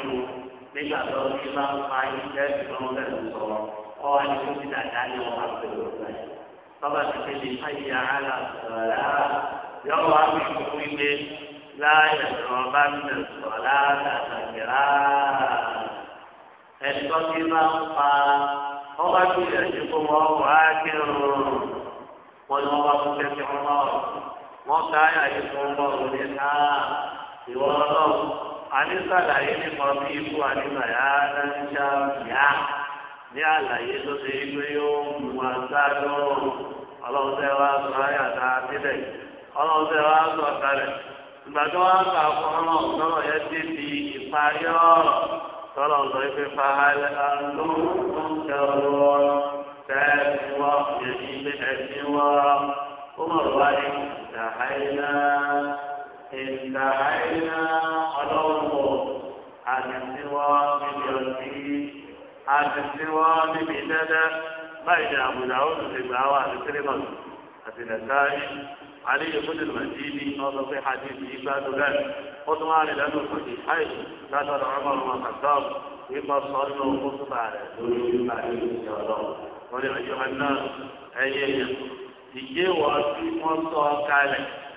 nígbà tó ti bá ń pa iṣẹ́ ìgbọ́n bẹ́ẹ̀ ń sọ ọ wá ní kó ti dàda ní ọmọ àgbẹ̀wò rẹ̀. bàbá ti fi lè má yẹ ara sọ̀rọ̀ yọ wá fi kú ilé láàyè sọ̀rọ̀ bá ń bẹ̀ sọ̀rọ̀ látàkìrá. ẹ̀tọ́ ti bá ń pa ọba tó yẹ kí kó wọ́n wá kírun wọn ni wọ́n bá fún kẹ́kẹ́ wọn náà wọ́n ká yà fún ọmọ òní àníṣàlàyé nípa bí ikú àníṣàyà dáńṣá yá ní àlàyé tó ṣe pé yóò mú aṣáájú ọlọ́run tẹ́ wá sọ àyàtà sílẹ̀ ọlọ́run tẹ́ wá sọ kalẹ̀ ìgbà tó wá kà ọlọ́run tọ́lọ̀ ti di ìparí ọ̀rọ̀ tọ́lọ̀ sọ pé ẹ̀sìn wọ́ ó mọ̀ wáyé ìgbà àìlá ọlọ́wọ́ àdìsíwọ́ níbi ọtí àdìsíwọ́ níbi dẹ́dẹ́ báyìí ni àbùdá ó ti gbà wá àti tírímọ̀tì àti nàìjíríà àní ìfúnni màjíìdì ọ̀sán pé hadith yìí gbádùn rẹ̀ ó tún wá rí lẹ́nu ìfọ̀dí àì látọ̀dọ̀ ọmọ ọmọ kàtọ́ọ̀mù wípé sọ́nù kótópà rẹ̀ lórí ìgbà yìí ti ọlọ́wọ́ wọ́n ní ẹ̀yẹ ìyẹn ìyé wọ́n wọ́n sọ kalẹ̀.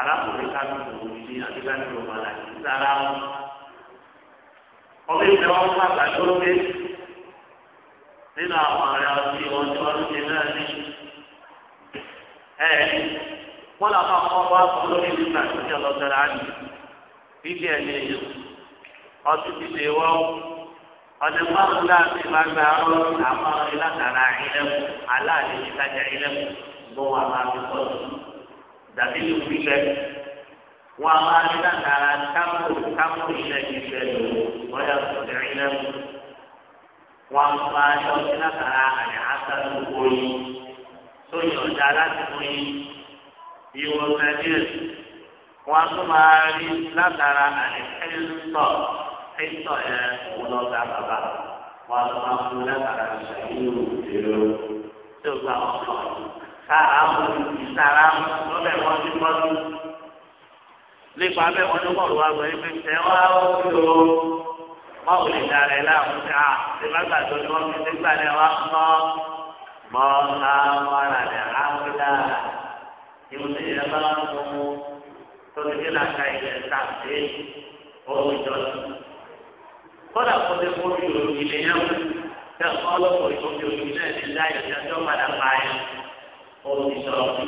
arákùnrin kájú tó ní àti kájú tó padà sí ara wọn. ọbẹ̀ ìfẹ́ wọn fún àgbàdo pé nínú àwọn ọ̀rẹ́ ọtí wọn tí ti náà ẹ wọn nígbà tó ti ti lè márùn àwọn ìlànà ìlẹkùn dàbí ló fi lẹ wọn a máa ní látara kápò kápò ilẹ̀ ìfẹ́ lò wọ́n yà sọ̀rọ̀ ilẹ̀ mu wọn a máa ní ọtí látara àyà áta ló wọlé tó yọ̀ọ̀dá láti mú yín ìwọ nàìjíríà wọn a tún máa rí látara àyà ẹ̀ńtọ̀ ẹ̀ńtọ̀ ẹ̀ wọlọ́dà bàbá wọn a tún máa fún látara ìṣàkóso ìlú tó gba ọ̀pọ̀ ọ̀dùn káràmù ìsàràmù lọ́bẹ̀ wọn ti mọ́tò. Lépa abẹ́ wọn tó bọ̀rù wa gbọ́dọ̀ pé tẹ́ wá ó lò ó. Wọ́n ò lè dà rẹ̀ láàmú sí à. Ìbá gbàgbé wọ́n fi nígbà rẹ̀ wá mọ́. Mọ́ ká wàrà rẹ̀ á ń dà. Ìwúlẹ̀ yẹn bá ń mú tóbi ní làkà ilẹ̀ tàbí owó ìjọsìn. Kọ́dà kó lè mú ìròyìn ilé yẹn mú. Tẹ̀kọ́ lọ́pọ̀ ìtòkè òbí náà ní láyé ìdájọ́ olùsọ̀rọ̀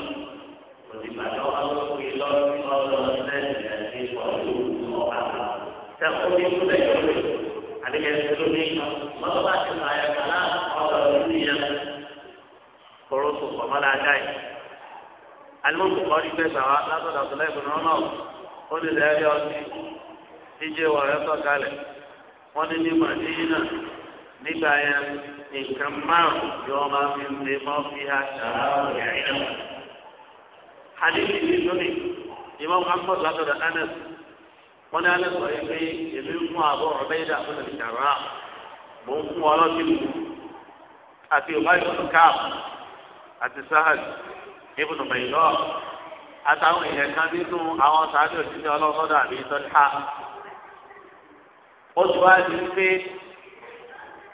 olùbàdàn alóòkè lọ́dọ̀ lẹ́sẹ̀ àti pọ̀lú ọ̀bà sẹ́kọ̀ọ́ ní kúlẹ̀ yọ̀wé àdéhùn tó ní mọ́tò bá ti fà yà kàlá ọ̀dọ̀ lórí yẹn kóró tó pọ̀ mọ́lá dáì alimọ́tò kọ́ ní gbèsè àwọn látọ̀dọ̀ tó lẹ́gùn náà náà ó ní lẹ́yìn ọtí díje wọ̀rẹ́ sọ̀kalẹ̀ wọ́n ní ní màdínà. nígbà yẹn nǹkan márùn yóò máa fi ń lè ọ fi ha ṣàrà ọ̀rẹ́ rẹ̀. hadithi yìí lónìí ìmọ̀ muhammed látọ̀dọ̀ anas wọn ní anas wọ̀nyí pé èmi ń fún àbọ̀ ọ̀rẹ́ ìdá fún ẹ̀mí ṣàrà mò ń fún ọlọ́sí àti àti sahad ibùdó àtàwọn èèyàn kan nínú àwọn òṣìṣẹ́ ọlọ́sọ́dọ̀ àbí ha. ó ti wá di pé.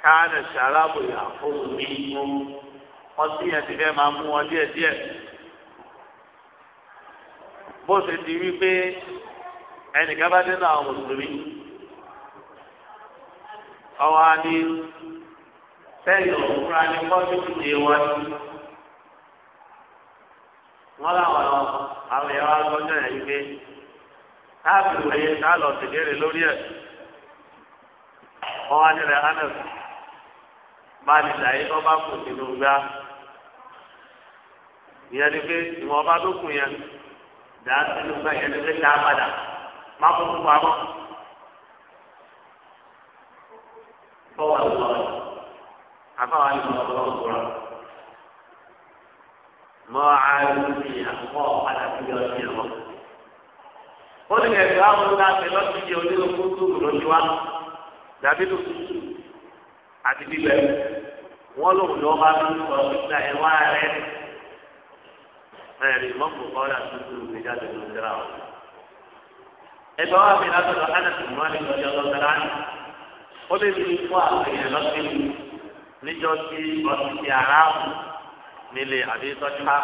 káàdà ṣàràbù yàfóònù mi mú ọtí yẹn ti fẹ́ máa mú wọn díẹ̀ díẹ̀ bó ṣe ti wí pé ẹnìkan bá dé náà mùsùlùmí ọwọ́ òkúra ní ìdè wọn wọn làwọn àwọn yẹn wípé káàbì wòye ká lọ sí lórí bá lè dà yín ọba kò nínú gbá ìyẹn ni pé ìwọ̀n ọba tó kù yẹn dà á sínú gbá ìyẹn ni pé dà á padà má kó fún wa mọ́. fọwọ́ àlùkò rẹ̀ afáwọn àlùkò ọ̀gbọ́n ọ̀gbọ́n mọ àlùkò yẹn àkọ́ padà sí ọ̀sẹ̀ wọn. ó ní ẹ̀ka àwọn ọ̀gá àti lọ́sibí onílùkù tó lọ́sibí wa dàbí lùkù àti bíbẹ wọn lòun ni wọn bá fi sọ nígbà yẹn wá rẹ ẹrí mọ́kù kọ́lá tuntun ló gbéjà tó lóun tẹ́ra wọn. ẹgbẹ́ wa mi látọ̀dọ̀ ánàtì mọ́ ní lọ́jọ́ lọ́sẹ̀rá ni ó lè fi fún àwọn èèyàn lọ́sẹ̀ mi níjọ́ sí ọtí ti ara nílé àbí sọ́jú bá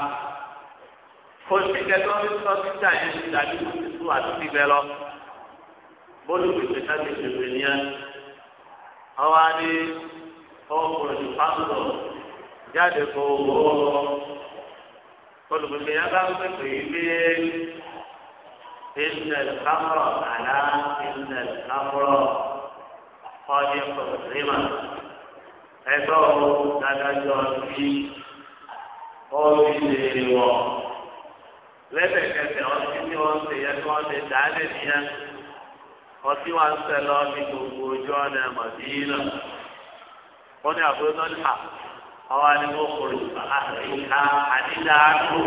olùkíkẹ́ tó ń sọ títà yẹn ti dàbí kó ti tú àti bíbẹ lọ bólú gbèsè ká ti ṣèlú ọwa adé ọkùnrin pásítọ̀ jáde kó owó olùgbègbè yẹn bá pé pé ìnẹ̀l kámọ́rọ̀ àlá ìnẹ̀l kámọ́rọ̀ ọdí kọ̀ọ̀tìmà ẹgbẹ́ ọ̀hún dáadájọ́ sí ọ̀bí lè wọ̀ lẹ́sẹ̀kẹsẹ̀ ọtí tí wọ́n ṣe yẹ kí wọ́n ṣe dáadé nìyẹn. ọtí wa ń sẹ lọ ní gbogbo ojú ọ̀nà màdínà wọ́n ní àbúrò náà nà àwọn àdìgbò kòrò àdìgbà àdìgbà àdó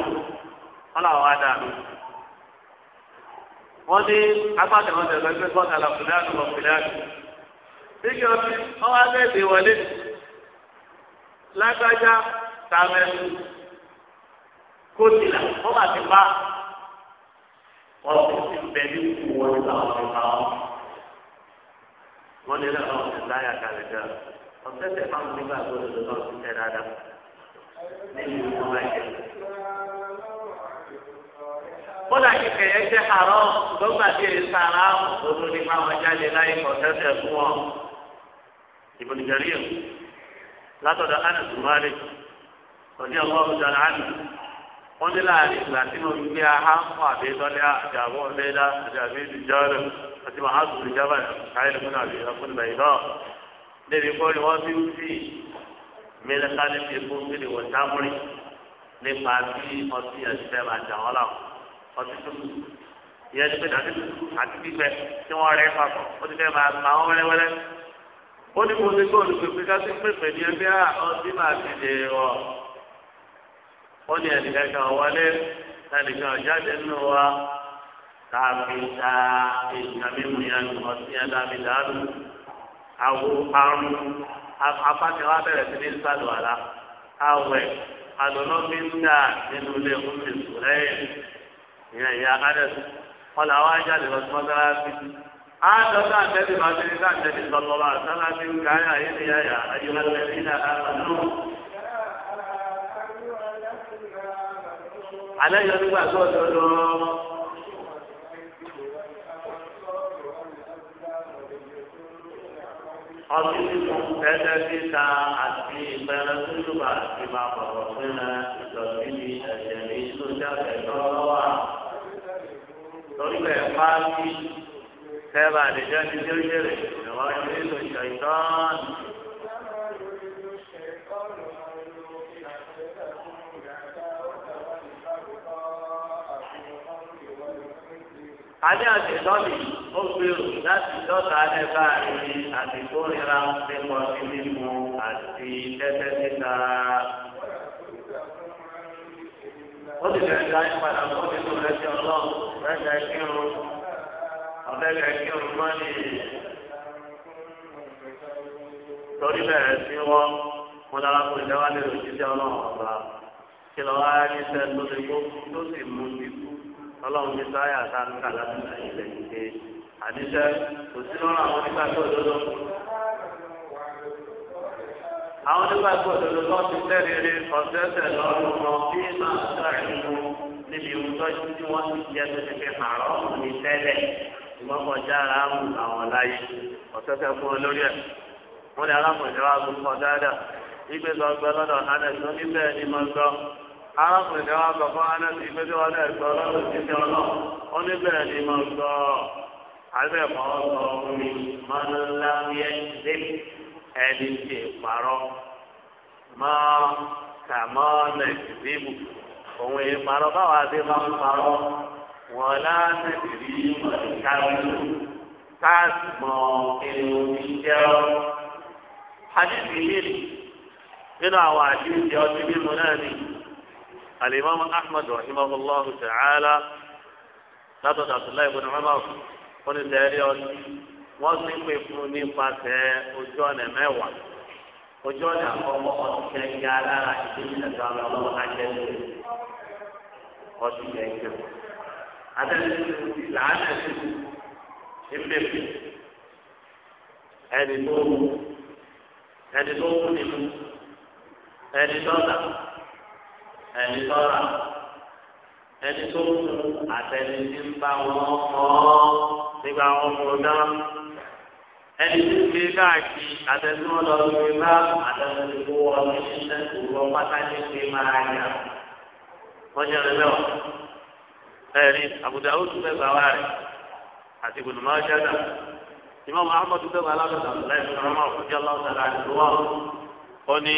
wọ́n làwọn àdà wọ́n ní agbátẹ̀wọ́n tẹ̀lé pé bọ́ọ̀tà làkùnrin àdúgbò kùnrin àdúgbò nígbà tí wọ́n wá bẹ́ẹ̀ wọlé lágbájá tàmẹ́lú kóòtù wọ́n bá ti bá wọ́n ti bẹ ní ìwọ ní àwọn ọ̀gá wọn. wọ́n ní lọ́wọ́ ti láyà kalẹ̀ gan. ọ̀sẹ̀sẹ̀ máa ń nígbà gbọ́dọ̀ lọ́wọ́ ti tẹ̀ dáadáa. nínú ìwọ máa jẹ. kódà kíkẹ́ yẹn jẹ́ àárọ̀ gbọ́gbà tí èyí sára òun ní máa jáde láyé ọ̀sẹ̀sẹ̀ fún wọn. Ibn látọ̀dọ̀ Anas Malik ọ̀dí wọ́n ní láàrin ìgbà tí mo gbé aha ń fún àbẹ́tọ́lẹ́ àjàbọ̀ ọ̀lẹ́dá àjàbí ìjọ́rẹ̀ àti mahadu ìjábà káyọ̀ fún àbí ọkùnrin ìlọ. débi kọ́ ni wọ́n ti ń fi mílíkà ní fi fún mi wọ̀ sámúrì nípa bí ọtí ẹ̀sẹ̀ máa jà wọ́n làwọn ọtí tuntun ìyẹn ti pé dàbí àti gbígbẹ tí wọ́n rẹ̀ papọ̀ ó ti fẹ́ máa pa wọ́n wẹ́lẹ́wẹ́lẹ́ ó ní mo ti gbọ́ olùgbèpè ká ó ní ẹnìkan kan wọlé ẹnìkan jáde nínú wa tàbí ta èèyàn mímu yẹn ọtí yẹn tàbí dàánù àwo àrùn afákẹ́wà bẹ̀rẹ̀ sí ní sàlùwàlà àwẹ̀ àdùnnú mi ń dà nínú ilé omi sùrẹ́yìn ìyẹn ìyá adẹ́sù wọn làwọn ajáde lọ sí mọ́sálásí àádọ́ta àtẹ́sí bá ti ní sáà tẹ́sí ń káyà ayé ni yáyà ayé wọn lẹ́sí náà alẹ́ yọ nígbà tó dodo. ọtí mímu tẹ́tẹ́ títa àti ìpẹrẹ tuntun àti máa bọ̀bọ̀ fún ẹ ìdọ̀tí ni ẹ̀jẹ̀ ní tó jáde lọ́wọ́ à. torí bẹ́ẹ̀ pàápàá tẹ́lá àdéjọ́ ti dé ojúlé ìrọ̀lẹ́ nílò ìṣọ̀ ìtọ́ni. alẹ́ àti lọ́ọ̀lì ó gbèrò láti dọ́ta ẹ̀ka àrí àtìkó ríra nípa mímú àti tẹ́tẹ́ títa. ó ti bẹ̀rẹ̀ láti padà bọ́ nínú ẹ̀sìn ọlọ́run lẹ́sẹ̀ kírun ọ̀lẹ́sẹ̀ kírun mọ́ni torí bẹ̀rẹ̀ sí wọn mo dára kó ìdáwálé òṣìṣẹ́ ọlọ́run ọ̀la kí lọ́wọ́ á ní sẹ́ẹ̀ tó ti kó tó sì mú ti kú ọlọ́run ní sáyà tá a ń kà látìlá ilẹ̀ ìgbé àdíṣẹ́ kò sí lọ́rọ̀ àwọn nígbà tó dodo. àwọn nígbà tó dodo lọ ti tẹ́rẹ̀ẹ́rẹ́ ọ̀sẹ̀ọ̀sẹ̀ lọ́rùn wọn bí máa ń sọ ìlú níbi ìwúntọ́jú tí wọ́n ti jẹ́ tó ti fi àárọ̀ ní tẹ́lẹ̀ ìmọ̀kànjá ara ń mú àwọn láyé ọ̀sẹ̀ọ̀sẹ̀ fún olórí ẹ̀ wọ́n ní alámọ̀jọ́ wa gbọ́ dáadáa ìgbésọ̀ gbẹ lọ́dọ̀ arákùnrin kan wá sọ fún anẹ́sì ìgbésẹ̀ wọn náà sọ ọlọ́run ti ṣe ọlọ́ ó ní bẹ́ẹ̀ ni mo sọ àbẹ̀mọ́ sọ omi mọ́nláwíẹ́ ṣe ẹni tí òun báwa ń wọn náà nínú àwọn ọtí náà الإمام أحمد رحمه الله تعالى لقد عبد الله بن عمر قل سيريون wọ́n ti pè fún nípasẹ̀ ojú ọ̀nà mẹ́wàá ojú ọ̀nà àkọ́kọ́ ọ̀sẹ̀ ń ga lára ìdílé ìdájọ́ ẹni tọ́ra ẹni tó kú àtẹni tí ń bá wọn mọ́ nígbà wọn mọ́ náà ẹni tí ń gbé káàkiri àtẹni wọn lọ sí bá àtẹni tí kò wọ́n ní ṣiṣẹ́ ìwọ pátá ní pé máa yà wọ́n jẹ́ rẹ̀ lọ́wọ́ ẹ̀rí Abu Dawud mẹ́gbàá wa rẹ̀ àti gbọ̀dùmọ́ ọjọ́ náà. Imam Ahmad gbẹ́gbàá alábẹ́sà láì fún ọmọ òkúta aláwọ̀ sára àdúgbò wọn. ó ní.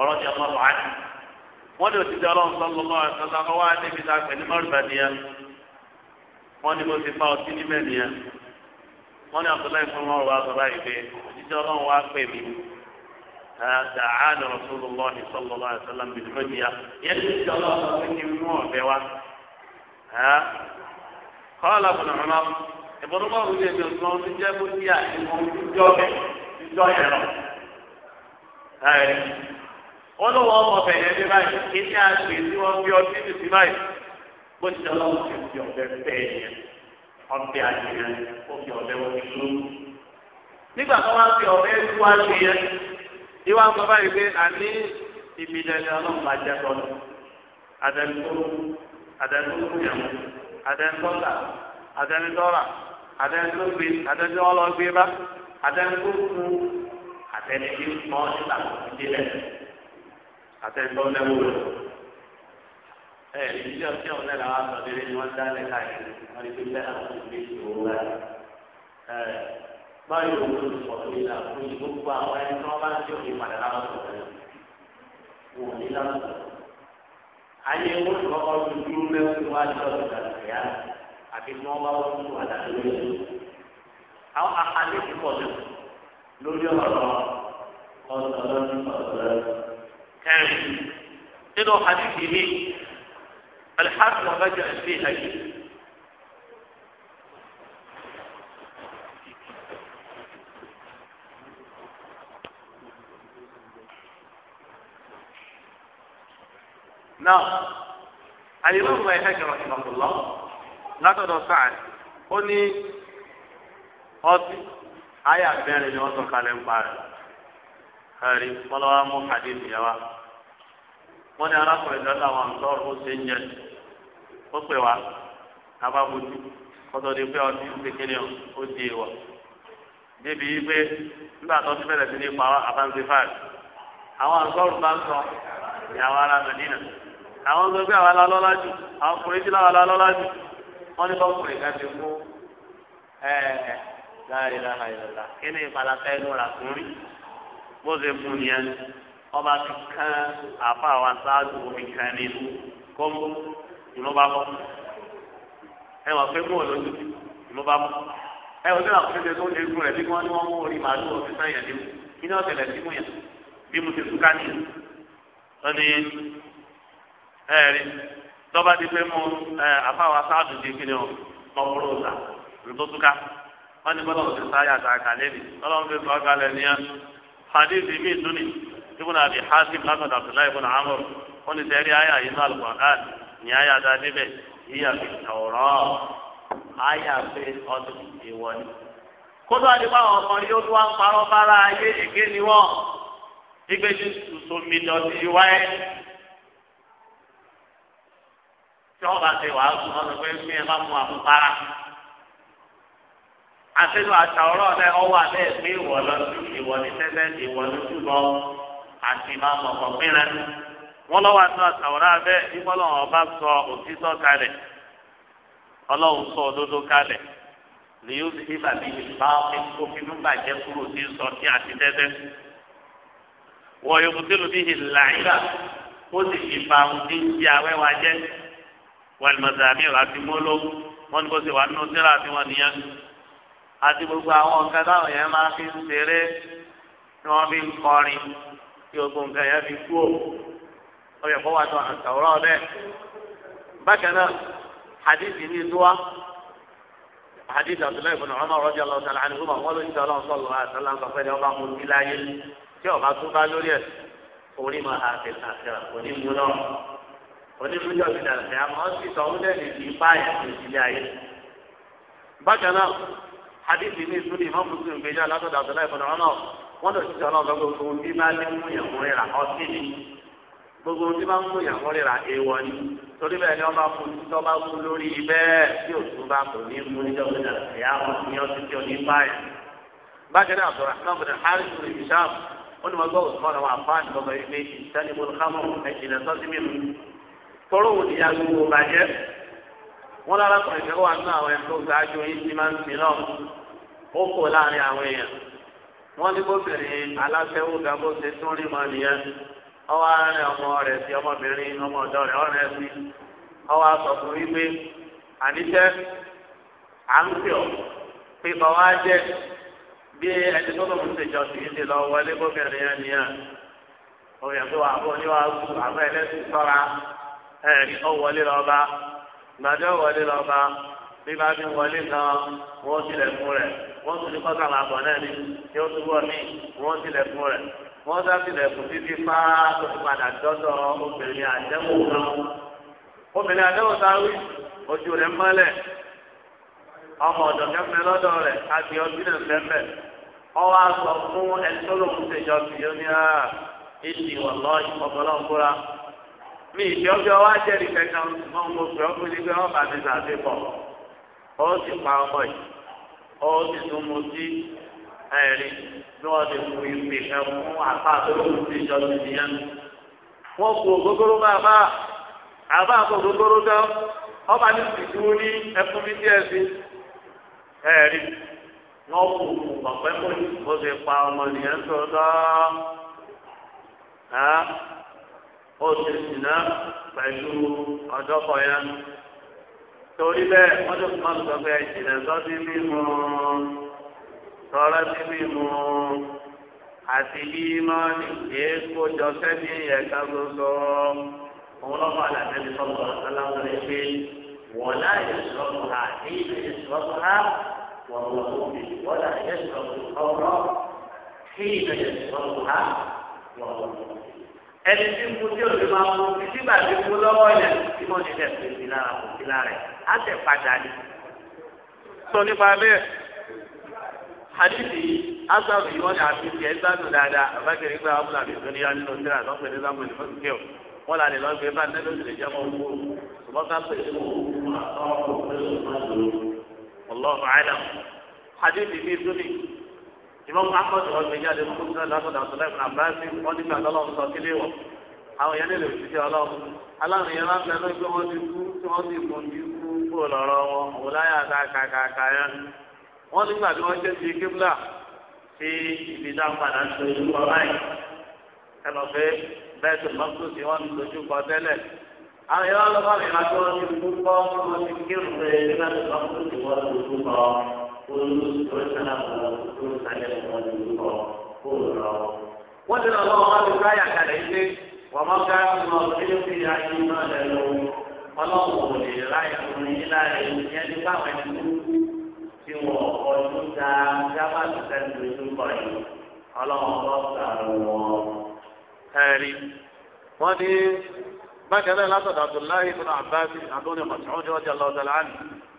ọ̀rọ̀ ni ọmọ wàá ní. wọ́n ní òtítọ́ ọlọ́run sọ́kọ́ mọ́ ẹ̀sọ́sọ́ kọ́ wá níbi tá a pè ní mọ́rùbá nìyẹn. wọ́n ní mo ti fa ọtí níbẹ̀ nìyẹn. wọ́n ní abdullahi fún wọn wá sọ́ra ìgbé òtítọ́ ọlọ́run wá pè mí. dàcánù rasulillah sallallahu alayhi wa sallam bin hujja yẹn ti قال ابن عمر ابن عمر يجي يقول من جاب الدياء يقول جاب جاب هاي wọn lọ wọn ọmọ bẹ̀rẹ̀ bí báyìí kíní àgbè tí wọn fi ọtí nì sí báyìí bó ti lọ wọn fi fi ọbẹ bẹ́ẹ̀ yẹn ọbẹ àti yẹn ó fi ọbẹ wọn fi lóru nígbà tó wọn fi ọbẹ tó wá sí yẹn ìwà sọ báyìí pé àní ìbílẹ̀ ni ọlọ́run máa jẹ́ tọ́lú àdẹnudọ́rọ̀ àdẹnudọ́rọ̀ àdẹnudọ́rà àdẹnudọ́rà àdẹnudọ́gbé àdẹnudọ́lọ́gbé bá àdẹnudọ́kú àdẹnudí mọ́ nígbà tó ti dé lẹ́nu. àtẹ̀tọ́ lẹ́wọ́ ẹ̀ ìdílé ọ̀sẹ̀ ọ̀lẹ́ làwọn àtọ̀dẹ́rẹ́ ni wọ́n dá lẹ́ka yìí wọ́n ti fi lẹ́ àwọn ìgbé ìṣòro rẹ̀ ẹ̀ báyìí òun ló sọ pé ìlà fún yìí gbogbo àwọn ẹni tí wọ́n bá ń tí òkè padà láwọn sọ̀rọ̀ yẹn wò ní láwọn sọ̀rọ̀ ayé wọn ti kọ́kọ́ dúdú mẹ́wọ́n wá lọ sọ̀rọ̀ ìyá àti tí wọ́n bá wọ́n tún wà láti lóye àwọn àkàlẹ́ ti pọ̀ lórí ẹ̀rìn nínú hadithi mi alihamdu abájọ ẹ̀sìn ayé. náà àyẹ̀wò ìwé ẹ̀hẹ́ kẹrọ̀ ìmọ̀tòlọ́ látọ̀dọ̀ sáà ó ní ọtí ayé àbẹ̀rẹ̀ ni wọ́n sọ kalẹ̀ ẹ̀rí mọ́lọ́wá mú hadith yẹn wá. wọ́n ní arákùnrin kan láwọn àǹtọ́rọ̀ ó ṣe ń jẹ ó pè wá abábojú di pé ọtí kékeré ó di ìwọ̀. débi pé nígbà tó ti sí ní pa àwọn bá ń sọ ìyàwó ara àwọn àwọn jù àwọn kùnrin jù ti láàrin láàrin lọ́la kí ni bó ṣe fún yẹn ọba ti kán àfa wa ṣáájú omi kan nínú kọ́ńgó ìlú bá bọ́ ẹ wọ́n fẹ́ mú ọ̀lọ́dún ìlú bá bọ́ ẹ wọ́n fẹ́ àwọn fẹ́fẹ́ tó lè gún rẹ̀ bí wọ́n ní wọ́n mú orí màálù ọ̀sẹ̀ sáyẹn ní kí ni ọ̀sẹ̀ lẹ̀ sí mú yẹn bí mo ti tún ká nìyẹn wọ́n ní ẹ̀rí tọ́ba ti fẹ́ mú àfa wa ṣáájú di kí ni ọkùnrin ọ̀sà ìlú ká wọ́n ní bọ́lá ọ̀sẹ̀ sáyà hadith mi tuni ibùnà àbí hasim lásán abdullahi ibùnà amur wọn ni sẹ́rí àyà yìí náà al-Qur'an ní àyà dá débẹ̀ yíyà fi tọ̀rọ̀ àyà pé ọdún yóò tún wá ń parọ́ bára ayé èké ni wọ́n igbe tí sùsùmí lọ sí wáyé tí wọ́n bá ti wàá sùn wọn lọ pé mí ẹ bá mú àtẹnu àtàwọrọ rẹ ọwọ abẹ pé ìwọ lọsùn ìwọ ní tẹtẹ ìwọ lọsùn bọ àti máa mọkàn pínlẹ wọn lọ wà nínú àtàwọrọ abẹ ìfọlọrun ọba sọ òtítọ́ kalẹ̀ Ọlọ́run sọ òdodo kalẹ̀ ni yóò ti bàbí ìgbà òfin bàjẹ́ kúrò sí sọ sí àti tẹtẹ wọ yóò tẹ lóbi ìlànà ó sì fi ba ohun tí ń jẹ awẹ́wà jẹ wàlùmọ̀sàmí rà ti mọ́ lọ wọn ni kò sì wà nínú síra tí wọn nìyẹn àti gbogbo àwọn nǹkan táwọn yẹn máa fi ń ṣeré tí wọ́n fi ń kọrin tí gbogbo nǹkan yẹn fi kú ò ó yẹ kó wá tó àtàwòrán bẹ́ẹ̀. bákan náà hadithi ní ìdúwà hadith abdullahi ibn umar radiyallahu ta'ala anhu wọn ló ń sọ ọlọ́run sọ̀rọ̀ àtàlà ń sọ pé ọba mu ti láyé tí ọba tó bá lórí ẹ̀ orí máa ha ti àṣà òní mu hadith ní ìsúlẹ̀ ìmọ̀ mùsùlùmí gbé jáde látọ̀dọ̀ àtọ̀lá ìfọ̀nà ọ̀nà wọ́n lọ sí ọ̀nà ọ̀gá gbogbo bí bá lé mú ìyàwó rírà ọtí ni gbogbo bí bá mú ìyàwó rírà èèwọ̀ ni torí bẹ́ẹ̀ ni wọ́n bá fún tí wọ́n bá fún lórí bẹ́ẹ̀ tí òtún bá kò ní mú níjọ́ gbẹ̀dà ẹ̀yà ọ̀sìn ọtí tí ò ní báyìí. bákan náà sọ̀rọ̀ àti náà bọ̀dọ̀ harris rẹ̀ bisham ó ní wọ́n gbọ́ òsùnmọ́ra wọn àfáàní lọ́mọ ilé ìsánimọ̀ kámọ́ ẹ̀jìnlẹ̀ sọ́símì tọ́rọ̀ òdìyà gbogbo bàjẹ́ wọn lára kan ìṣẹ́ wà nínú àwọn ẹni tó ṣáájú yìí ti máa ń sin náà ó kò láàrin àwọn èèyàn wọn ní bóbìnrin aláṣẹwò gàbó ṣe tún rí mọ nìyẹn ọwọ́ arìn ọmọ rẹ̀ sí ọmọbìnrin ọmọ ọ̀dọ́ rẹ̀ ọ̀rẹ́ sí ọwọ́ asọ̀kùn wípé àníṣẹ́ à ń pè ọ́ pé bàwá jẹ́ bí ẹni tó lóun ṣe jọ sí ilé lọ wọlé bóbìnrin yẹn nìyẹn òyìnbó àbọ̀ níwájú àbọ̀ ẹlẹ́sìn sọ́ra ẹ̀rí ọ̀wọ́lé lọ́ba gbàdúrà wọlé lọ́ba bí bá fi wọlé gan wọ́n tilẹ̀kùn rẹ̀ wọ́n tún ní kọ́sà máa bọ̀ náà ni tí ó túbọ̀ ní wọ́n tilẹ̀kùn rẹ̀ wọ́n dá tilẹ̀kùn títí fá tó padà dọ́dọ̀ obìnrin àdẹ́wò kan obìnrin àdẹ́wò sáwí ojú rẹ̀ mọ́lẹ̀ ọmọ ọ̀dọ̀ kẹfẹ́ lọ́dọ̀ rẹ̀ àti ọdún náà fẹ́fẹ́ ọwọ́ àgbọ̀ fún ẹni tó lòun ṣèjọ́ bìyóníà ah, ìṣì wọ̀lọ́ ìfọ̀gbọ́lọ́ mi ìṣe ọjọ́ wa jẹ́rìí kankan mọ́ mo pè ọ́ fún mi pé ọba mi sàbí pọ̀ ó sì pa ọmọ yìí ó sì tún mu sí ẹ̀rí bí wọ́n ti fún ìpè kan fún apá àtọ́lókùn sí ìjọ ti di yẹn. wọ́n kú ògógóró bá àbá àpò ògógóró dán ọba ní tìjú ní ẹkún mi díẹ̀ sí ẹ̀rí wọ́n kú ọ̀pẹ́ mọ́ni ó sì pa ọmọ nìyẹn tó dán ó ṣe ṣìnà pẹ̀lú ọ̀dọ́kọ̀ yẹn. torí bẹ́ẹ̀ wọ́n tó máa ń sọ pé ìṣìnà sọ́dí mímu sọ́rọ́ sí mímu àti mímọ́ ní èékó jọ sẹ́ni ẹ̀ka gbogbo òun lọ́mọ àlàyé ní sọ́kọ̀ ọ̀sálàmù rẹ̀ pé wọ́n láyé sọ́kọ̀ ha èyí lè sọ́kọ̀ ha wọ́n lọ́ sókè wọ́n láyé sọ́kọ̀ ọ̀rọ̀ èyí lè sọ́kọ̀ ha wọ́n lọ́ sókè. ẹni tí mo tí òde máa mo ti sígbà tí mo lọ́wọ́ yẹn tí mo ti tẹ̀ pé mi lára kò sí lára ẹ̀ á tẹ̀ padà ni. sọ nípa bẹ́ẹ̀ hadithi asabu yìí wọ́n ní àti tiẹ̀ ń dáadáa àbákẹ́rẹ́ gbé abúlé àti ìtọ́ni nínú gbé jẹ́ wọn kú ṣùgbọ́n ká pè ìmọ̀mù akọ́sọ̀ ọ̀gbẹ̀jáde fún ìṣẹ́ lọ́sọ̀dọ̀ àtọ̀lẹ́kùn àbáṣe wọ́n nígbà tọ́lọ́run sọ kílé wọ̀ àwọn èèyàn nílò òṣìṣẹ́ ọlọ́run aláwọn èèyàn bá fẹ́ lóyún pé wọ́n ti kú tí wọ́n ti kún bí kú kú lọ́rọ̀ wọn wò láyà tá kàkàkà yẹn wọ́n nígbà tí wọ́n ṣe ti kébùlà sí ibi dáńpadà ń tó ìlú ọ̀rá yìí pé bẹ́ẹ̀ tó lọ́ tó ti wọ́n ti dojú kọ tẹ́lẹ̀ àwọn èèyàn lọ́kọ̀ọ́ wọ́n ti lọ lọ́wọ́ wọn ti ká yàtà lè ṣe wọ́n mọ́ ká lọ sílé fi ayé náà lẹ lọ́wọ́ ọlọ́wọ́ ò lè láyà fún yín láyà ìyẹn ní báwọn ẹni tí wọ́n ọdún ta gábàtì sẹ́ńtì ojú kọ̀ yìí ọlọ́wọ́ lọ́sà wọn. ẹ̀rí wọ́n ní bákẹ́lẹ́ látọ̀dọ̀ Abdullahi ibn Abbas abdul mas'ud ọjà lọ́sàlá ni.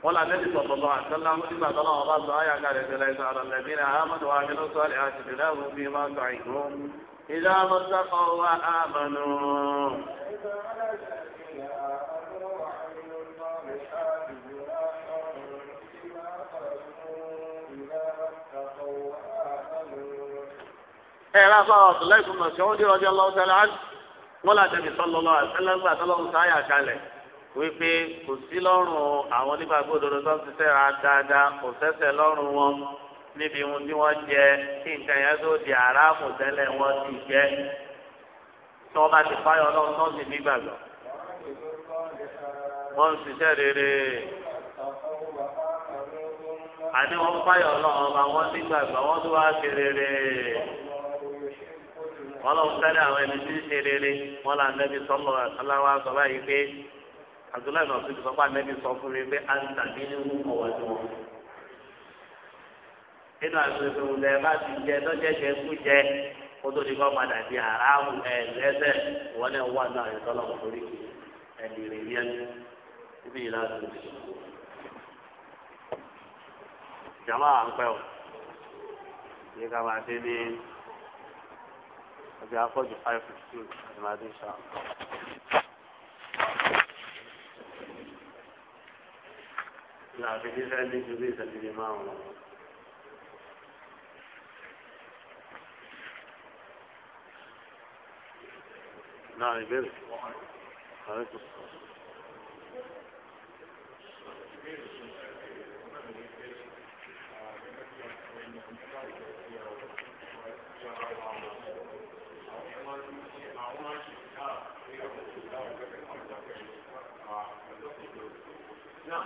قال النبي صلى الله عليه وسلم إذا قال الله تعالى قال ليس على الذين آمنوا وعملوا الصالحات جناهم فيما تعيهم إذا ما اتقوا وآمنوا إلى صلاة الله ثم mọ̀sán ó الله ọjọ́ lọ́wọ́ sẹ́lẹ̀ án wọ́n láti ẹ̀mí sọ́lọ́ lọ́wọ́ àti ẹlẹ́gbẹ́ àtọ́lọ́wọ́ wípé kò sí lọ́rùn àwọn onígbàgbọ́ òdodo tó ń ṣiṣẹ́ ra dáadáa kò sẹ́sẹ̀ lọ́rùn wọn níbi ohun tí wọ́n jẹ kí nǹkan yẹn tó di aráàmù tẹ́lẹ̀ wọ́n ti jẹ́ tí wọ́n bá ti fáyọ̀ lọ́rùn tó ń sì nígbàgbọ́. wọ́n ń ṣiṣẹ́ rere àní wọ́n fáyọ̀ lọ́rùn ọba wọ́n nígbàgbọ́ wọ́n tó wá ṣe rere wọ́n lọ sẹ́lẹ̀ àwọn ẹni tí ń ṣe rere wọ́n abdullahi náà tóbi sọ́kọ́ anẹ́bí sọ fún mi pé àǹtà mi ní wù kọ́ wọ́n nínú àtúntò ìwúlẹ̀ bá ti jẹ lọ́jẹ̀jẹ̀ kú jẹ kó tó kọ́ padà di àràmù ẹ̀ lẹ́sẹ̀ náà wà náà ẹ̀ tọ́lọ̀ torí ẹ̀mí rẹ̀ yẹn níbi ìlà tó ti. jama à ń pẹ́ o yìí ká máa dé ní ọjà akọ́jù five fifteen àti máa sáà. لا في عندي جبيزة اللي ما هو نعم يبرك خليك السلام Yeah.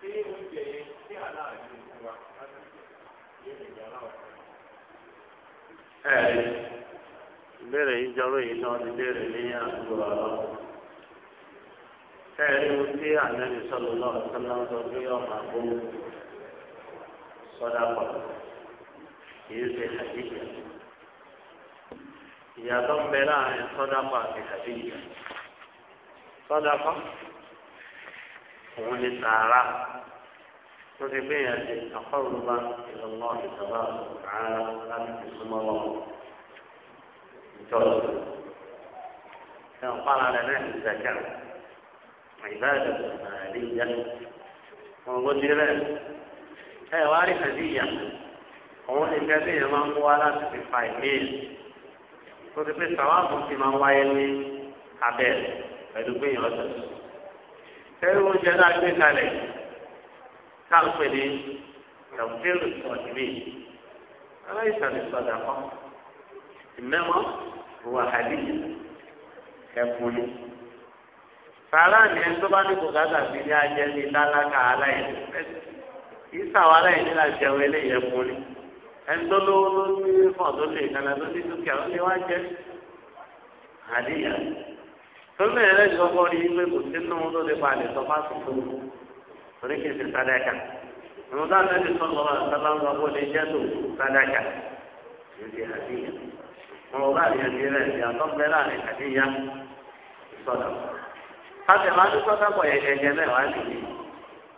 ṣé oúnjẹ yẹn ìbéèrè yìí jọrọ yìí náà ti béèrè ní àdúgbò àlọ́ ẹ ẹ ohun tí ànábì sọlọ náà sọlá ń sọ pé ọmọ àbúrò pọ̀ kìí ṣe ìyàtọ̀ ń bẹ láàrin pọ̀ àti pọ̀. òun ní sàárà tó ti gbé yẹn ti àkọrùbá ìlọmọ ìjọba ààrẹ láti fi súnmọ́ lọ ìjọba ẹ ń pa ara rẹ ní ìdájà ìbáàdì ààrẹ ìyá wọn gbọ́ sí rẹ ẹ wá rí kàdí ìyá òun ní kẹ́ bí máa ń wá láti fi fa ìméèlì tó ti sàwọn àbùkù máa ń wáyé ní abẹ́ pẹ̀lú gbé ọ̀sẹ̀ sẹ́yìn oúnjẹ náà gbé kalẹ̀ káàpẹ̀ ní tàbílù sọ̀tìmí aláìsàlẹ̀ sọ̀dà kọ́ ìmẹ́mọ́ wà hàdíyì ẹ̀fúni. sàrà ni ẹni tó bá ní bùkátà sí ní ajẹ́ ní lálákà aláìsí ìsàwọ̀ aláìsí là jẹun eléyìí ẹ̀fúni. ẹni tó lówó ló ní fọ̀ tó lè kàlà tó ní dúkìá ó lè wá jẹ́ hàdíyà sọ́nà ẹ̀rẹ́ ìjọba rí ilé kò sí nínú tó lè palẹ̀ sọ bá sọ fún un torí kì í ṣe sádàkà àwọn dáadáa ti sọ lọ́wọ́ àtàlà ńlá bó lè jẹ́ tó sádàkà kì í ṣe àdéhìá wọn bá yẹn ti rẹ̀ ṣe àtọ́gbẹ́ láàrin àdéhìá sọ̀dà. káṣẹ̀ máa ń sọ́dà pọ̀ yẹn jẹjẹ náà wá nìyí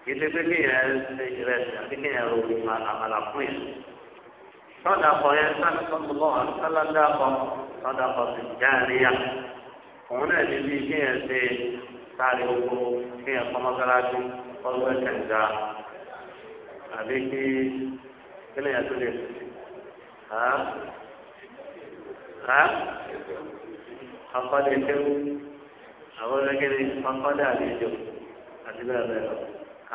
kì í ṣe pé kéèyàn ṣe rẹ̀ àti kéèyàn ro àmàlà fún yẹn. sọ́dà òun náà ní bí kéèyàn ṣe sáré oko kéèyàn kọ́ mọ́sálásí ọgbẹ́ kẹ̀ǹga àbí kí kéèyàn tó lè akọ́dé tẹ́wọ́ àwọn ọlọ́gẹ́rẹ́ akọ́dé àlejò àti bẹ́ẹ̀ bẹ́ẹ̀ lọ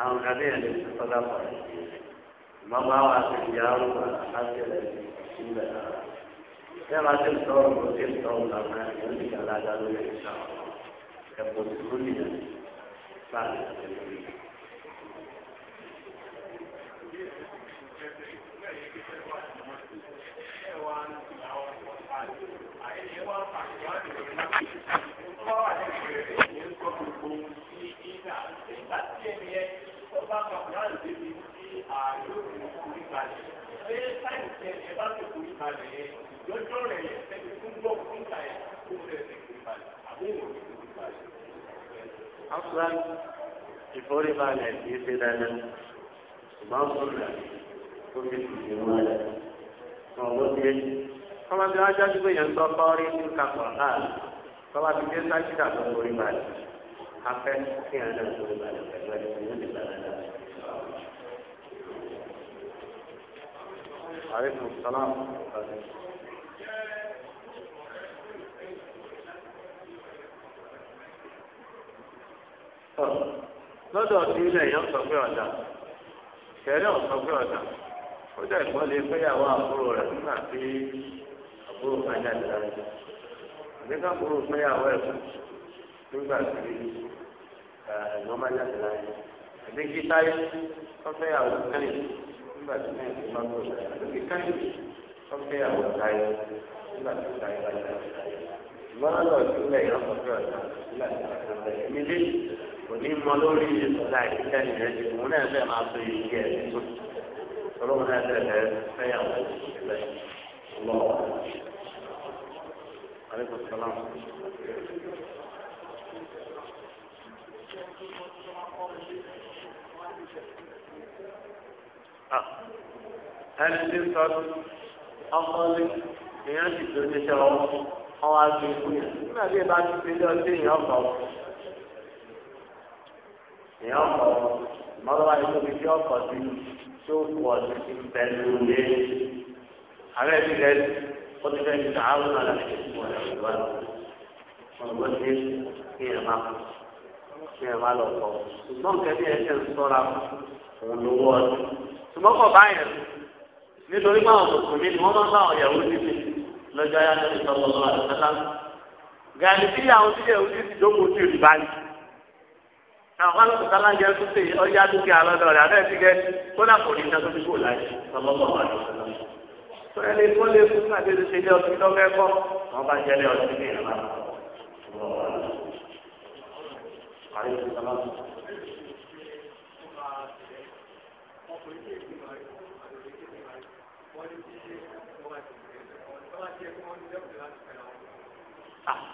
àwọn kàdé yẹn lè fi sọ́dá pọ̀ ìmọ̀gbà wa ti di arúgbó àti ẹ̀rẹ́ ìgbà náà. Yàrá ti ń tọrọ kò sí ń tọrọ làwọn ènìyàn ti gbà ládàá lórí ìṣà ẹ̀kọ́ tí ó nìyẹn láàrin àtẹ̀lẹ́yìn. Thank you. ìfọ̀kànbalẹ̀ yẹn lọ́jọ́ rẹ̀ yẹn ẹni tó ń gbọ́ níta yẹn tó ń rẹ̀ ìfọ̀kànbalẹ̀ àbúrò ìfọ̀kànbalẹ̀. afran ìforíbalẹ̀ kì í ṣe dandan ṣùgbọ́n fúnra tó fi ṣe wọn lẹ̀ ọ̀wọ́ tiẹ̀. kọ́má bí wọ́n jáde yẹn ń tọ́ kọ́rí ní kakọ̀ náà kọ́má bí dé sájìdà tó foríbalẹ̀ afẹ́ kí ẹ̀ náà foríbalẹ̀ pẹ̀lú ẹ̀ عليكم السلام lọ́dọ̀ tí ilẹ̀ yẹn sọ pé ọ̀dà kẹrẹ́ ọ̀sọ pé ọ̀dà ó dẹ̀ gbọ́ lé fẹ́yàwó àbúrò rẹ̀ nígbà tí àbúrò bá jáde lára jẹ nígbà àbúrò fẹ́yàwó ẹ̀ fún nígbà tí ẹ̀gbọ́n bá jáde lára jẹ àbí kí táyé fẹ́yàwó kẹ́lẹ́ nígbà tí náà ti máa gbọ́dọ̀ lókè káyọ̀dé ọ̀fẹ́ àwọn táyé nígbà tí táyé bá yára táyé. ìmọ̀ràn náà ti lẹ̀ yọ ọ̀fẹ́ ọ̀tá nígbà tí wọ́n ti rẹ̀ mí Thank you. Ah. ẹni tí ń tọ́jú ọmọ lé èèyàn sì tó ní sẹ́wọ́ wọn wá gbé ikú yẹn nígbà tí ìbá ti fi lé ọtí èèyàn bọ̀ èèyàn bọ̀ mọ́lọ́wá ìtòkì tí ọkọ̀ sí tó pọ̀ sí pẹ̀lú ilé ààrẹ ti rẹ̀ ó ti fẹ́ ti sàárùn náà láti ṣe ìwà ọ̀gbọ́n ti kí ẹ̀ máa kí ẹ̀ máa lọ kọ́ ṣùgbọ́n kẹ́kẹ́ ẹ̀ ṣe ń sọ́ra fún òun lówó ọdún ṣùgbọ́n kò báyìí nítorí pé àwọn mùsùlùmí ni wọ́n máa ń bá àwọn yahoo títì lọ́jọ́ ayé àti ìtọ́lọ́lọ́ àti sátán gàdí sí àwọn tí yahoo títì jókòó sí ìlú báyìí àwọn alùpùpù sálá jẹ súnṣe ọjà dúkìá lọ́dọ̀ rẹ̀ abẹ́ ti gẹ kódà kò ní ìdájọ́ tó kò láyé lọ́lọ́lọ́ àti sátán tó ẹni tó lé fún àti ṣe lé ọtí lọ́fẹ́ kọ́ wọ́n bá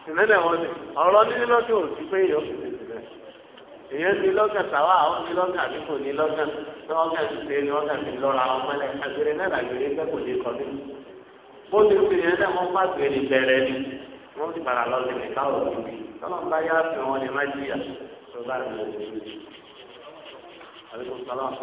ìmẹ́lẹ̀ wọn ni ọ̀rọ̀ níní lọ́kàn ò sí pé èèyàn fi lè sílẹ̀ èèyàn ní lọ́kàn tàwa àwọn ní lọ́kàn àbí kò ní lọ́kàn tí wọ́n kàn ti ṣe ni wọ́n kàn ti lọ́ra àwọn mẹ́lẹ̀ àgbèrè náà làgbèrè pé kò ní kọ́ ní. bó ti fi yẹn náà wọ́n pàṣẹ ní bẹ̀rẹ̀ ni wọ́n ti padà lọ sílẹ̀ káwọ̀ níbi tọ́lọ́n bá yá fi wọn ni má jìyà tó bá rẹ̀ lọ́wọ́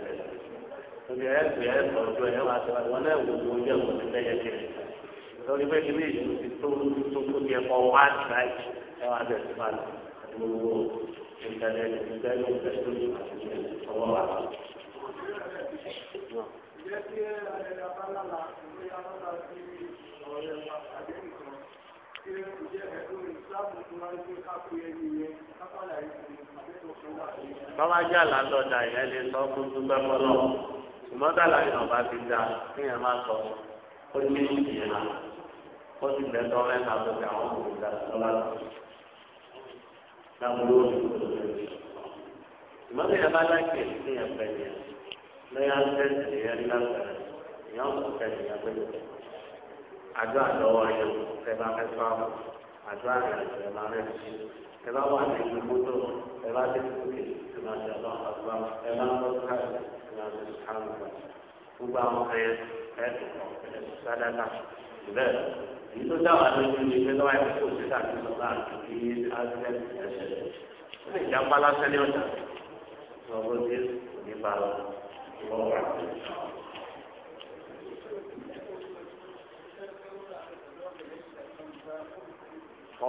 torí ẹ pè ẹ sọ ọjọ́ ẹ wá sọ wọn náà wò wò yẹ wò nílẹ̀ yẹ kiri lórí pé kí ní ìlú ti tó tó tó yẹ kọ wá láì ẹ wá bẹ sí máa lò wò ìtẹlẹ ìtẹlẹ ìtẹlẹ ọwọ́ wa. Bọ́lá jẹ́ àlàndọ̀dà ìyẹn lè sọ fún dúpẹ́ fọlọ́ ìmọ̀tàlá yìí náà bá ti dá kéèyàn máa sọ ó ní méjì yẹn náà ó sì lẹ́tọ́ mẹ́ta tó fi àwọn òkú ìdá lọ́la lọ. lábúrò ìmọ̀tàlá yẹn bá láìpẹ́ kéèyàn pẹ́ ní lọ́yà ń ẹ̀yẹ ní lápẹ̀rẹ̀ ìyá òkú pẹ́ ní agbẹ́lẹ̀ àjọ àdọ́wọ́ yẹn tẹ bá fẹ́ àjọ àjọ ẹ̀ máa rẹ̀ sí wà ní ìlú mọ́tò ẹ bá ما شاء الله أكبر إلا أنظر هذا سبحان الله gbogbo àwọn kan yẹn ẹ̀ẹ́dùn kan sádàkà bẹ́ẹ̀ èyí tó dáwà lójú ní pé lọ́wọ́ ẹ̀kọ́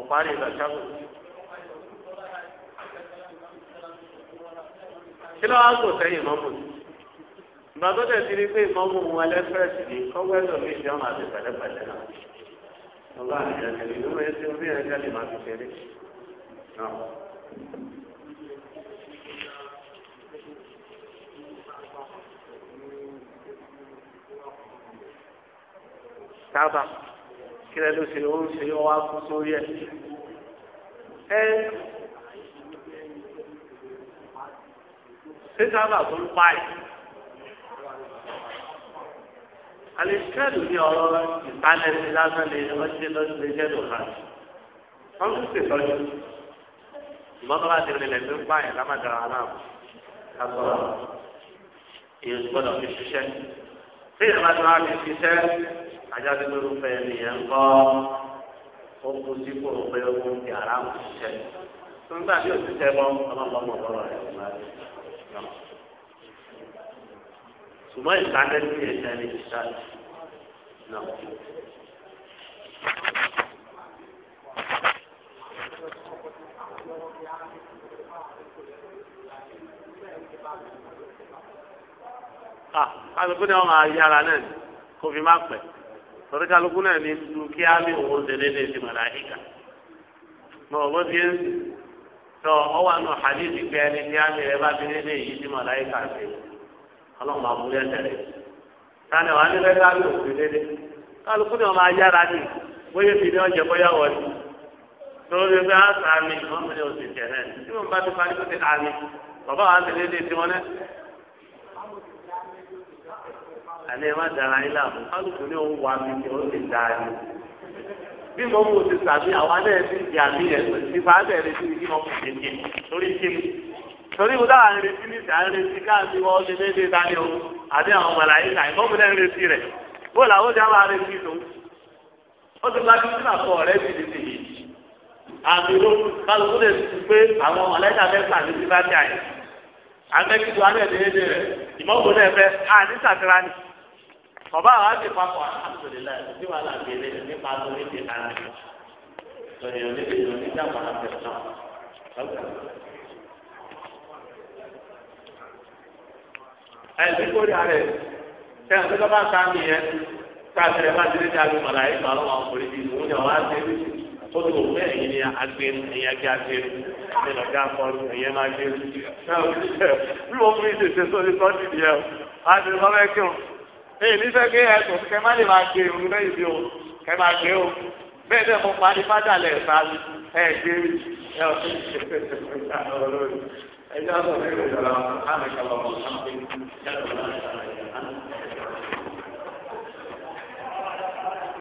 kò sí kí ló wá ń kò sẹ́yìn mọ́mù ni ìgbà tó tẹ̀ sí ni pé mọ́mù wọn lẹ́fẹ̀ẹ́sì ni kọ́wé lò ní ìṣẹ́ wọn àti pẹ̀lẹ́pẹ̀lẹ́ náà ọba àyàn kẹlẹ́ ló máa ń ṣe orí ẹ̀ka lè máa fi ṣeré náà. kí lẹ́nu ṣe ó ń ṣe ọwọ́ akú sórí ẹ̀. ṣé sábà tó ń pa yìí. àlèkẹ́lù ní ọ̀rọ̀ ìpalẹ̀sí lásán lè wọ́n ṣe lọ́sí lè jẹ́ lòkà. wọ́n tún ṣètọ́jú. ìmọ̀ tó bá ti rìnlẹ̀ tó ń pa yẹn lámàdàrà aláàbò lásọ̀rọ̀ èyí gbọ́dọ̀ fi ṣiṣẹ́. tí ìyàrá tó wá fi ṣiṣẹ́ ajá tó lóru fẹ́ nìyẹn kọ́ ó kú sí kó o pé ó ń fi àrà ṣiṣẹ́. tó ń gbà bí òṣìṣẹ́ mọ́ ọlọ́mọ ṣùgbọ́n ìsàlẹ̀ ní ẹ̀jẹ̀ ní ìsàlẹ̀ náà. kálukú ni wọn máa yára náà ni kò fi má pẹ́ torí kálukú náà ni dúkìá mi òun ṣe déédéé ti màláyíkà mọ ọgbọ́n ti ń sìn. tọ ọwọ́ àná hadith ẹni tí a lè bá fi nílé yìí tí màláyé kà sí ọlọ́run máa tani kálukú ni wọn máa yára bóyá fi bóyá wọlé lórí wọn mi ní oṣù tí bá ti parí kó ti bàbá wa ti tí wọn lẹ. àlẹ́ má dara yín kálukú ni wà mí bí mo mú ti sàmì àwọn alẹ́ ti di àmì ẹ̀ ìfà alẹ́ rẹ ti kí wọ́n fi ṣe torí kí ni torí mo dáhà ń retí ní ìdá ń retí káàbí wọ́n ṣe déédéé dání o àti àwọn mọ̀láyé náà ìfọ́nmu náà ń retí rẹ̀ bó làwọn ó ti àwọn arẹ́tí tó ó ti gba títí náà fọ ọ̀rẹ́ ti di yìí àmì ló kálukú lè ti pé àwọn mọ̀láyé náà fẹ́ sàmì sí bá ti àyè àgbẹ̀kí ọba àwọn àti papọ̀ alhamdulilayi tí wàá là gbélé nípa lórí ti hàn mí lórí oníbi lórí dàgbà àfẹsán ẹbí kórè àrẹ sẹ́yìn tó bá ká mi yẹn káàkiri bá ti dídí àgbẹ̀ mọ̀lá yìí lọ́wọ́ àwọn kórè bíi ìwúni ọ̀hún àti ẹbí tó tó wù bẹ́ẹ̀ yìí ni àgbẹ̀ ẹ̀yà kí àgbẹ̀ ẹ̀yìn lọ́gá akọrin ẹ̀yẹ máa gbé ẹ̀yìn lọ́wọ́ fún ìṣèṣe sórí sọ́ọ̀tì yẹn o àti ìfọwọ́ ẹ̀kẹ́ o èyí ní sẹ́kẹ́ ẹ̀sùn kẹ́ má lè máa gbé irun lẹ́yìn bí o kẹ́ máa gbé o bẹ́ẹ̀ náà mo parí fájà lẹ̀ ẹ̀ta ni ẹ̀ gbé ẹ̀ ọ̀sẹ̀ ẹ̀jẹ̀ ọ̀sẹ̀ ọ̀sẹ̀ ìrẹ̀lẹ̀ ọ̀sẹ̀